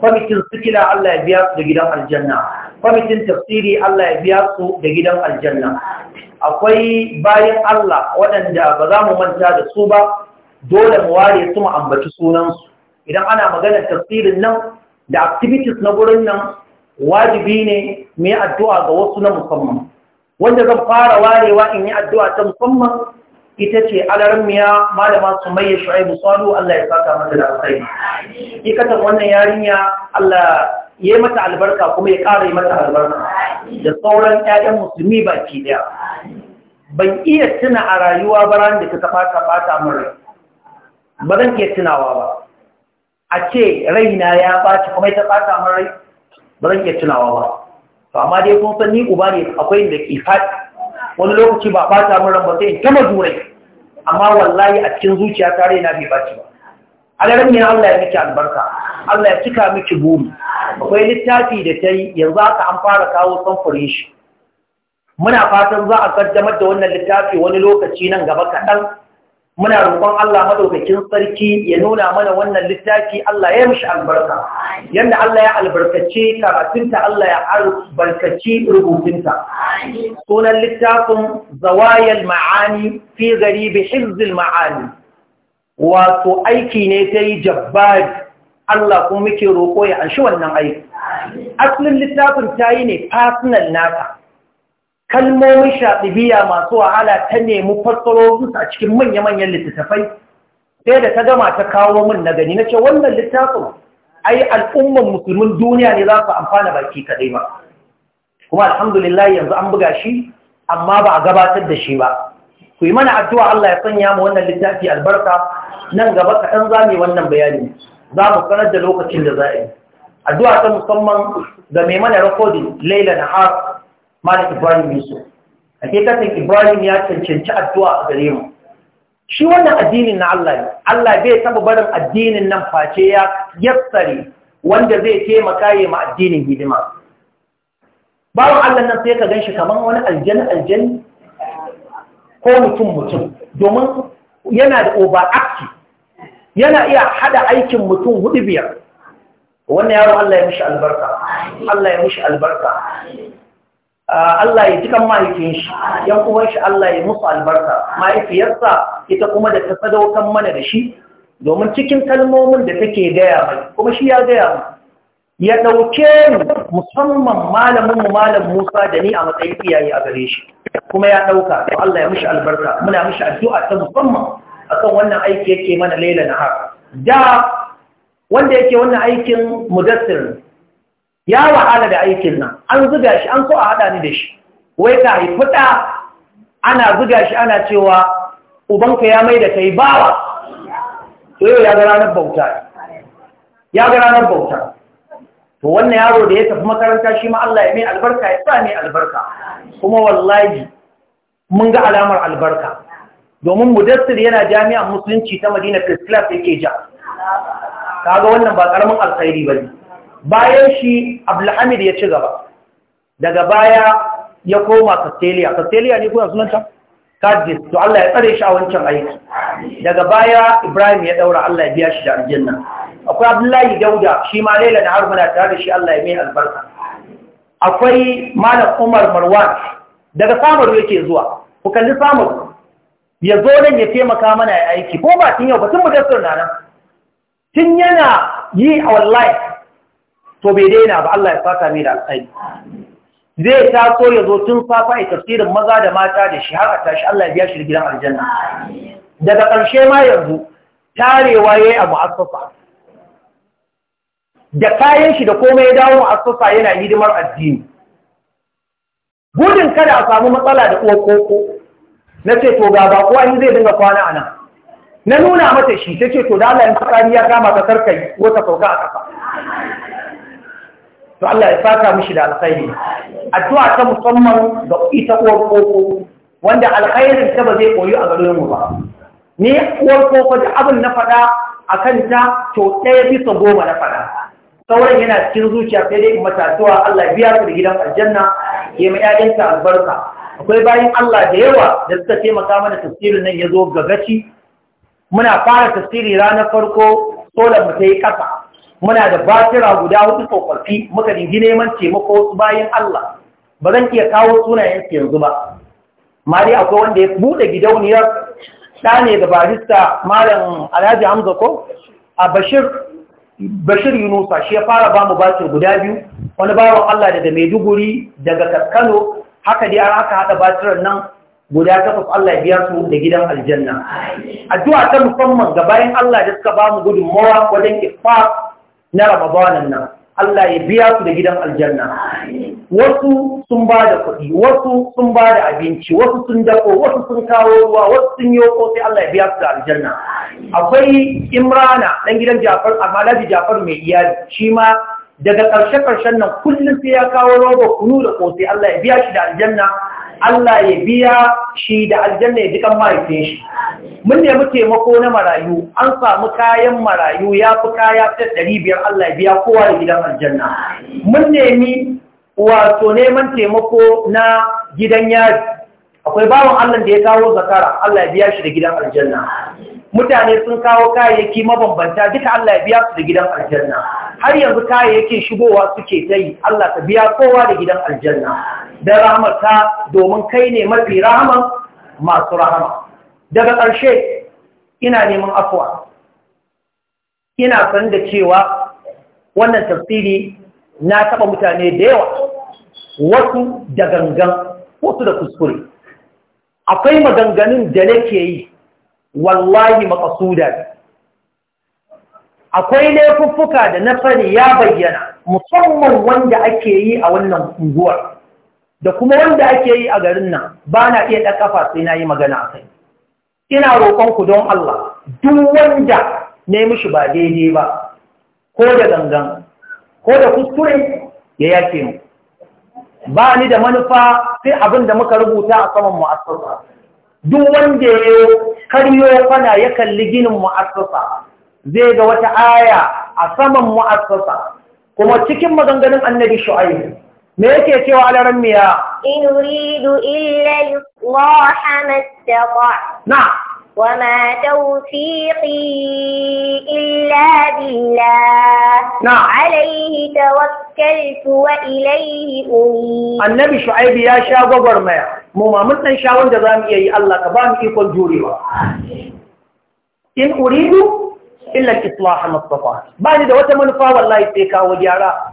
kwamitin sikila Allah ya biya su da gidan aljanna kwamitin tafsiri Allah ya biya su da gidan aljanna akwai bayan Allah waɗanda ba za mu manta da su ba dole mu ware su mu ambaci sunansu idan ana maganar tafsirin nan da activities na gurin nan wajibi ne mu yi addu'a ga wasu na musamman wanda zan fara warewa in yi addu'a ta musamman ita ce alarmiya malama su maye shu'aibu salu Allah ya saka mata da alkhairi ikatan wannan yarinya Allah ya mata albarka kuma ya ƙara yi mata albarka da sauran ƴaƴan musulmi baki daya ban iya tuna a rayuwa baran da ka fata fata mun rai ba zan iya tunawa ba a ce raina ya ɓaci kuma ita ɓata min rai ba zan iya tunawa ba to amma dai kun san ni uba ne akwai da ke faɗi wani lokaci ba ba min ran ba sai in ta mazurai amma wallahi a cikin zuciya ta raina bai ɓaci ba a daren ne Allah ya miki albarka Allah ya cika miki buri akwai littafi da ta yi yanzu aka an fara kawo samfurin shi muna fatan za a kaddamar da wannan littafi wani lokaci nan gaba kaɗan muna roƙon Allah madaukakin sarki ya nuna mana wannan littafi Allah ya mishi albarka yanda Allah ya albarkace karatunta Allah ya albarkace rubutunta sunan littafin zawayal ma'ani fi garibi hizil ma'ani wato aiki ne ta yi jabbari Allah kuma muke roƙo ya anshi wannan aiki asalin littafin ta yi ne personal nata kalmomin shaɗibiya masu wahala ta nemi fassarorinsu a cikin manya-manyan littattafai sai da ta gama ta kawo min na gani na ce wannan littafin ai al'umman musulmin duniya ne za su amfana baki kaɗai ba kuma alhamdulillah yanzu an buga shi amma ba a gabatar da shi ba ku yi mana addu'a Allah ya sanya mu wannan littafi albarka nan gaba kaɗan za mu wannan bayani za mu sanar da lokacin da za a yi addu'a ta musamman ga mai mana rikodin laila na har Malik Ibrahim Yusuf hakikatan Ibrahim ya cancanci addu'a a gare mu shi wannan addinin na Allah ne Allah bai taba barin addinin nan face ya yassare wanda zai taimaka ya ma addinin hidima Babu Allah nan sai ka gan shi kamar wani aljani-aljani ko mutum mutum domin yana da overactive yana iya hada aikin mutum hudu biyar wannan yaro Allah ya mishi albarka Allah ya mishi albarka Allah ya cika mahaifin shi yan uwan Allah ya musu albarka mahaifiyarsa ita kuma da ta sadaukan mana da shi domin cikin kalmomin da take gaya mai kuma shi ya gaya mai ya ɗauke mu musamman malaminmu malam Musa da ni a matsayin iyaye a gare shi kuma ya ɗauka to Allah ya mishi albarka muna mishi addu'a ta musamman akan wannan aiki yake mana laila na haka da wanda yake wannan aikin mudassir ya wahala da aikin nan an zuga shi an so a haɗa ni da shi wai ka haifi ɗa ana zuga shi ana cewa ubanka ya mai da yi bawa to yau ya ga ranar bauta ya ga ranar bauta to wannan yaro da ya tafi makaranta shi ma Allah ya mai albarka ya sa mai albarka kuma wallahi mun ga alamar albarka domin mudassir yana jami'an musulunci ta Madina Christ Club yake ja kaga wannan ba karamin alkhairi bane bayan shi abdulhamid ya ci gaba daga baya ya koma kasteliya kasteliya ne kuna sunanta kajis to Allah ya tsare shi a wancan aiki daga baya ibrahim ya daura Allah ya biya shi da aljanna akwai abdullahi dauda shi ma laila na har muna tare da shi Allah ya mai albarka akwai malam umar marwan daga samaru yake zuwa ku kalli samaru ya zo nan ya taimaka mana ya aiki ko ba tun yau ba tun mu na nan tun yana yi a wallahi to bai daina ba Allah ya fata mai da alkhairi zai taso ya zo tun fafa a tafsirin maza da mata da shi haka tashi Allah ya biya shi gidan aljanna daga ƙarshe ma yanzu tarewa yayi a mu'assasa da kayan shi da komai ya dawo mu'assasa yana hidimar addini gudun kada a samu matsala da uwa koko na ce to ga bako an zai dinga kwana a nan na nuna mata shi ta ce to da Allah ya kama ka ko wata sauka a ƙasa to Allah ya saka mishi da alkhairi addu'a ta musamman ga ita uwar koko wanda alkhairin ta ba zai koyi a garin mu ba ni uwar koko da abin na faɗa akan ta to ɗaya bisa goma na faɗa sauran yana cikin zuciya sai dai matatuwa Allah biya su da gidan aljanna ya mai ƴaƴanta albarka akwai bayan Allah da yawa da suka taimaka mana tafsirin nan ya zo gagaci muna fara tafsiri ranar farko solar mu ta yi ƙasa muna da batira guda hudu tsofaffi muka rigi neman taimako su bayan Allah ba zan iya kawo sunayen su yanzu ba ma dai akwai wanda ya buɗe gidauniyar ɗa ne da barista malam Alhaji Hamza ko a Bashir Bashir Yunusa shi ya fara ba mu batir guda biyu wani bawan Allah daga Maiduguri daga Kaskano haka dai an aka haɗa batiran nan guda takwas Allah biya su da gidan aljanna addu'a ta musamman ga bayan Allah da suka ba mu gudunmawa wajen ifa na ramadanan nan Allah ya biya su da gidan aljanna wasu sun ba da kuɗi wasu sun ba da abinci wasu sun dako wasu sun kawo ruwa wasu sun yi wako sai Allah ya biya su da aljanna akwai imrana ɗan gidan jafar Ladi jafar mai iyali shi ma daga ƙarshe-ƙarshen nan kullum sai ya kawo roba kunu da ƙosai Allah ya biya shi da aljanna Allah ya biya shi da aljanna ya ji kan mahaifin shi mun nemi taimako na marayu an samu kayan marayu ya fi kaya ta ɗari biyar Allah ya biya kowa da gidan aljanna mun nemi wato neman taimako na gidan yari akwai bawan Allah da ya kawo zakara Allah ya biya shi da gidan aljanna mutane sun kawo kayayyaki mabambanta duka Allah ya biya su da gidan aljanna har yanzu kayayyakin shigowa suke ta yi Allah ka biya kowa da gidan aljanna da rahamata domin kai ne mafi rahama masu rahama daga ƙarshe ina neman afuwa ina san da cewa wannan tafsiri na taɓa mutane da yawa wasu da gangan wasu da kuskure akwai maganganun da nake yi wallahi makasuda akwai laifuffuka da na fari ya bayyana musamman wanda ake yi a wannan unguwar da kuma wanda ake yi a garin nan ba na iya ɗan ƙafa sai na yi magana a kai ina roƙonku don Allah duk wanda ne mishi ba daidai ba ko da gangan ko da kuskure ya yake mu ba ni da manufa sai abin da muka rubuta a saman mu'assasa duk wanda ya karyo fana ya kalli ginin mu'assasa zai ga wata aya a saman mu'assasa kuma cikin maganganun annabi shu'aibu me yake cewa da miya? in uridu illa islaha mastata na wa ma tawfiqi illa billah na alayhi tawakkaltu wa ilayhi unib annabi shu'aib ya sha gwagwarmaya mu ma mun san shawon da zamu iya yi Allah ka ba mu ikon jurewa in uridu illa islaha mastata ba ni da wata manufa wallahi sai kawo gyara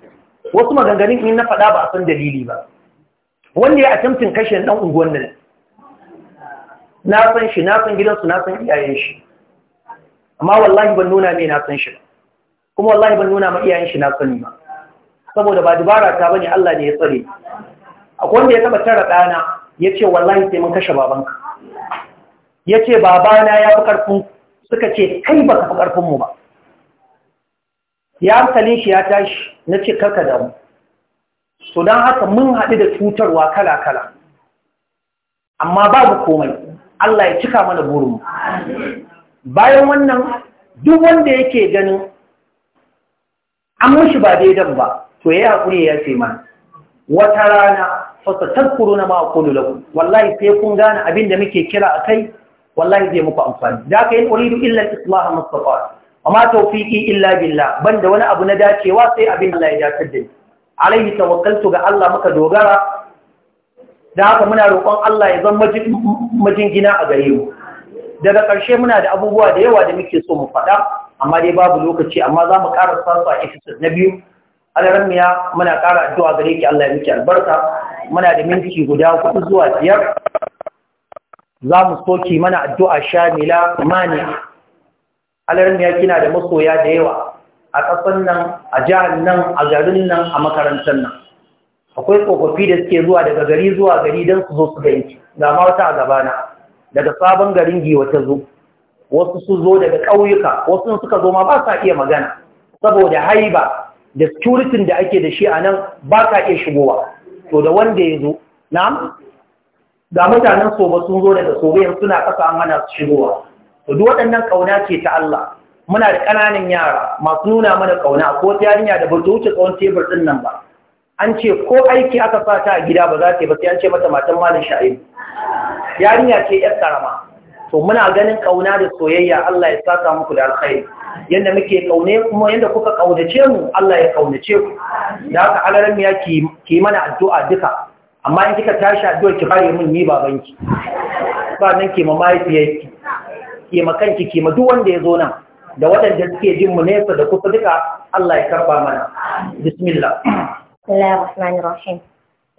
wasu maganganun in na faɗa ba a san dalili ba wanda ya attempting kashe ɗan unguwan nan na san shi na san gidansu na san iyayen shi amma wallahi ban nuna mai na san shi ba kuma wallahi ban nuna ma iyayen shi na sani ba saboda ba dubara ta bane Allah ne ya tsare akwai wanda ya taba tara ɗana ya ce wallahi sai mun kashe babanka ya ce babana ya fi ƙarfin suka ce kai ba ka fi ƙarfinmu ba ya hankalin shi ya tashi na ce karka damu to don haka mun haɗu da cutarwa kala-kala amma babu komai Allah ya cika mana burinmu bayan wannan duk wanda yake ganin an mushi ba daidan ba to ya haƙuri ya ce mana wata rana fasa tankuru na ma'akulu lagu wallahi sai kun gane abinda muke kira a kai wallahi zai muku amfani da aka yi ƙuridu illar islaha mustafa amma tawfiqi illa billah banda wani abu na dacewa sai abin Allah ya dace da ni alaihi tawakkaltu ga Allah muka dogara da haka muna roƙon Allah ya zama majingina a gare mu daga ƙarshe muna da abubuwa da yawa da muke so mu faɗa amma dai babu lokaci amma za mu ƙara sasu a na biyu alarmiya muna ƙara addu'a gare ki Allah ya miki albarka muna da minti guda hudu zuwa biyar za mu soki mana addu'a shamila mani alarin ya kina da masoya da yawa a ƙasar nan a jihar nan a garin nan a makarantar nan akwai tsofaffi da suke zuwa daga gari zuwa gari don su zo su ganki ga ma wata a gabana daga sabon garin giwa ta zo wasu su zo daga ƙauyuka wasu suka zo ma ba sa iya magana saboda haiba da securitin da ake da shi a nan ba ka iya shigowa to da wanda ya zo na ga mutanen soba sun zo daga soba suna ƙasa an hana su shigowa to waɗannan ƙauna ce ta Allah muna da ƙananan yara masu nuna mana ƙauna ko ta yarinya da ba ta wuce tsawon tebur ɗin nan ba an ce ko aiki aka sa ta a gida ba za ta yi ba sai an ce mata matan malin sha'ibu yarinya ce yar karama to muna ganin ƙauna da soyayya Allah ya saka muku da alkhairi yanda muke ƙaune kuma yanda kuka ƙaunace mu Allah ya ƙaunace ku da haka alaran ya ki mana addu'a duka amma in kika tashi addu'a ki bare mun ni babanki ke mamaye ma mahaifiyarki ke makanki ke madu wanda ya zo nan da waɗanda suke jin mu nesa da kusa duka Allah ya karba mana bismillah bismillahir rahmanir rahim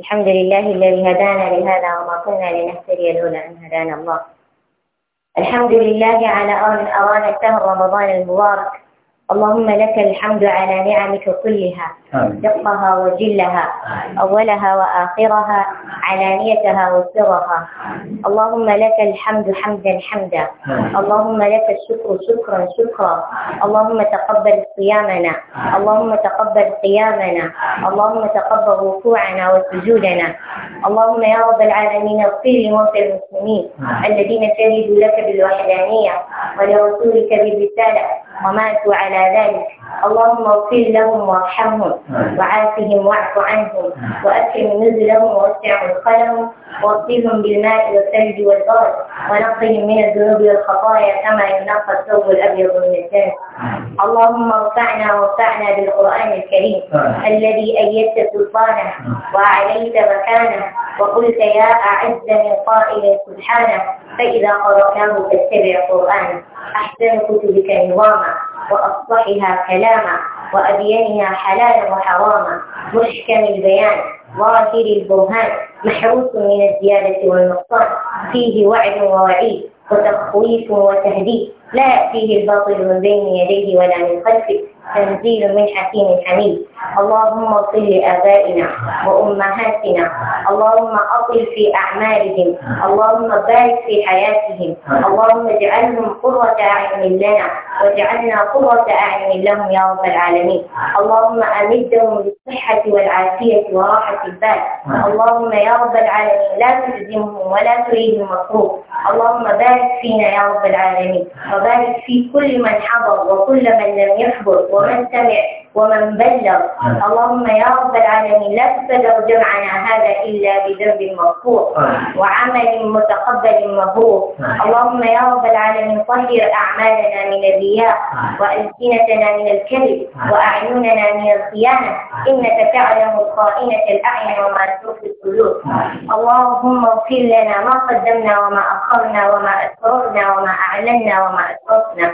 alhamdulillahi alladhi hadana li hada wa ma kunna linahtadiya lawla an hadana Allah alhamdulillahi ala awan al shahr ramadan al-mubarak اللهم لك الحمد على نعمك كلها دقها وجلها أولها وآخرها علانيتها وسرها اللهم لك الحمد حمدا حمدا اللهم لك الشكر شكرا شكرا اللهم تقبل صيامنا اللهم تقبل قيامنا اللهم تقبل ركوعنا وسجودنا اللهم يا رب العالمين اغفر لموتى المسلمين الذين شهدوا لك بالوحدانية ولرسولك بالرسالة وماتوا على ذلك اللهم اغفر لهم وارحمهم نعم. وعافهم واعف عنهم نعم. وأكرم نزلهم ووسع مدخلهم واغسلهم بالماء والثلج والبرد ونقهم من الذنوب والخطايا كما ينقى الثوب الأبيض من الدنس نعم. اللهم ارفعنا وارفعنا بالقرآن الكريم الذي أيدت سلطانه وأعليت مكانه وقلت يا أعز من قائل سبحانه فإذا قرأناه فاتبع قرآنه أحسن كتبك نظاما وأصلحها كلاما وأبينها حلالا وحراما محكم البيان ظاهر البرهان محروس من الزيادة والنقصان فيه وعد ووعيد وتخويف وتهديد لا يأتيه الباطل من بين يديه ولا من خلفه تنزيل من حكيم حميد اللهم اطل لآبائنا وأمهاتنا اللهم أطل في أعمالهم اللهم بارك في حياتهم اللهم اجعلهم قرة أعين لنا واجعلنا قرة أعين لهم يا رب العالمين اللهم أمدهم بالصحة والعافية وراحة البال اللهم يا رب العالمين لا تلزمهم ولا تريد مصروف اللهم بارك فينا يا رب العالمين وبارك في كل من حضر وكل من لم يحضر orang kan ya ومن بلغ نعم. اللهم يا رب العالمين لا تبلغ جمعنا هذا إلا بذنب مغفور نعم. وعمل متقبل مبرور نعم. اللهم يا رب العالمين طهر أعمالنا من الرياء وألسنتنا من الكذب وأعيننا من الخيانة إنك تعلم خائنة الأعين وما تخفي القلوب اللهم اغفر لنا ما قدمنا وما أخرنا وما أسررنا وما أعلنا وما أسرفنا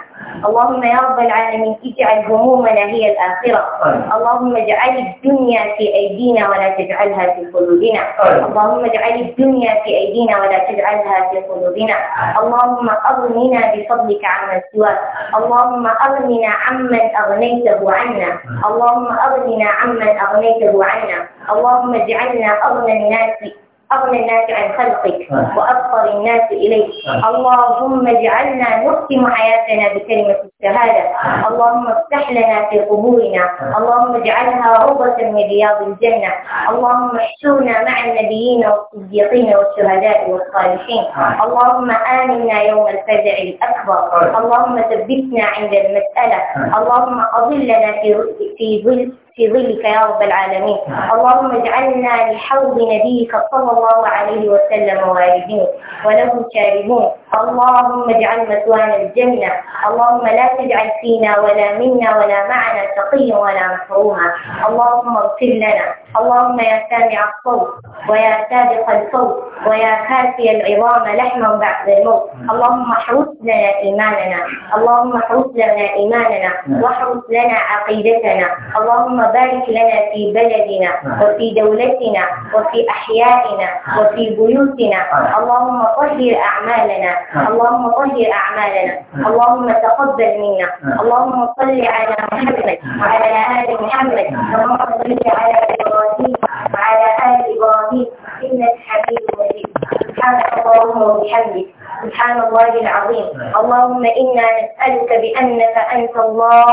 اللهم يا رب العالمين اجعل همومنا هي الآخرة الآخرة طيب. اللهم اجعل الدنيا في أيدينا ولا تجعلها في قلوبنا طيب. اللهم اجعل الدنيا في أيدينا ولا تجعلها في قلوبنا آه. اللهم أغننا بفضلك عما سواك آه. اللهم أغننا عمن أغنيته عنا آه. اللهم أغننا عمن أغنيته عنا اللهم اجعلنا أغنى الناس أغنى الناس عن خلقك آه. وأبصر الناس إليك آه. اللهم اجعلنا نختم حياتنا بكلمة الشهادة آه. اللهم افتح لنا في قبورنا اللهم اجعلها روضة من رياض الجنة اللهم احشرنا مع النبيين والصديقين والشهداء والصالحين اللهم آمنا يوم الفزع الأكبر اللهم ثبتنا عند المسألة اللهم أظلنا في في ظل في ظلك يا رب العالمين نعم. اللهم اجعلنا لحوض نبيك صلى الله عليه وسلم والدين وله شاربون اللهم اجعل مثوانا الجنة اللهم لا تجعل فينا ولا منا ولا معنا تقيا ولا محروما اللهم اغفر لنا اللهم يا سامع الصوت ويا سابق الفوز ويا كافي العظام لحما بعد الموت اللهم احرس لنا إيماننا اللهم احرس لنا إيماننا نعم. واحرس لنا عقيدتنا اللهم وبارك لنا في بلدنا نعم. وفي دولتنا وفي أحيائنا وفي بيوتنا نعم. اللهم طهر أعمالنا نعم. اللهم طهر أعمالنا اللهم تقبل منا اللهم صل على محمد وعلى آل محمد اللهم صل على إبراهيم وعلى آل إبراهيم إنك حميد مجيد سبحانك اللهم وبحمدك سبحان الله العظيم اللهم إنا نسألك بأنك أنت الله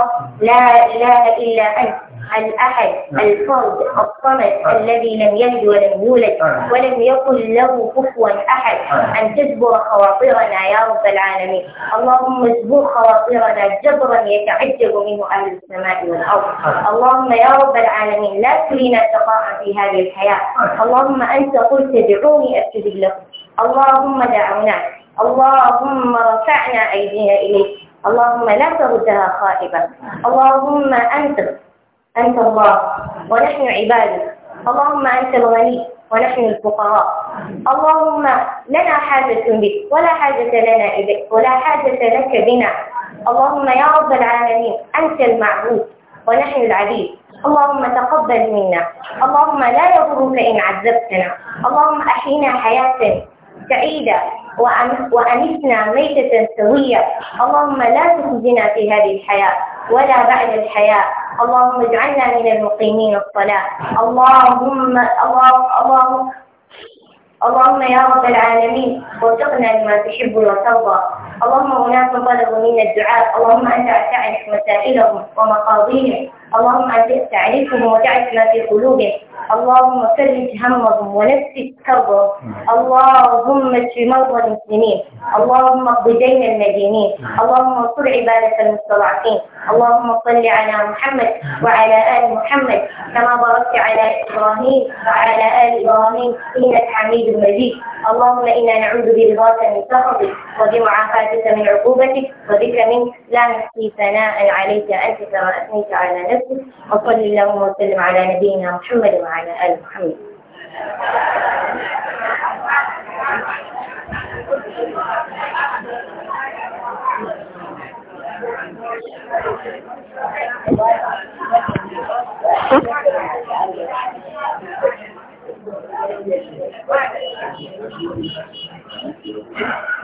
لا إله إلا أنت الأحد الفرد الصمد الذي لم يلد ولم يولد ولم يكن له كفوا أحد أن تجبر خواطرنا يا رب العالمين اللهم اجبر خواطرنا جبرا يتعجب منه أهل السماء والأرض اللهم يا رب العالمين لا تلينا شقاء في هذا هذه الحياة اللهم أنت قلت دعوني أستجب لكم اللهم دعونا اللهم رفعنا أيدينا إليك اللهم لا تردها خائبة اللهم أنت أنت الله ونحن عبادك اللهم أنت الغني ونحن الفقراء اللهم لنا حاجة بك ولا حاجة لنا إليك ولا حاجة لك بنا اللهم يا رب العالمين أنت المعبود ونحن العبيد اللهم تقبل منا اللهم لا يضرك إن عذبتنا اللهم أحينا حياة سعيدة وأنسنا ميتة سوية اللهم لا تخزنا في هذه الحياة ولا بعد الحياة اللهم اجعلنا من المقيمين الصلاة اللهم اللهم, اللهم اللهم يا رب العالمين وفقنا لما تحب وترضى اللهم أناس بلغوا منا الدعاء اللهم أنت تعرف مسائلهم ومقاضيهم اللهم زدت علمهم وجعلت ما في قلوبهم اللهم فرج همهم ونفس كربهم اللهم اشف مرضى المسلمين اللهم اقض دين المدينين اللهم انصر عبادك المستضعفين اللهم صل على محمد وعلى ال محمد كما باركت على ابراهيم وعلى ال ابراهيم انك حميد مجيد اللهم انا نعوذ برضاك من سخطك وبمعافاتك من عقوبتك وبك منك لا نحصي ثناء عليك انت كما اثنيت على نفسك وبركاته وصلى اللهم وسلم على نبينا محمد وعلى آل محمد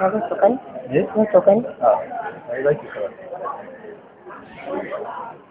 Masukkan. Masukkan. Ah, saya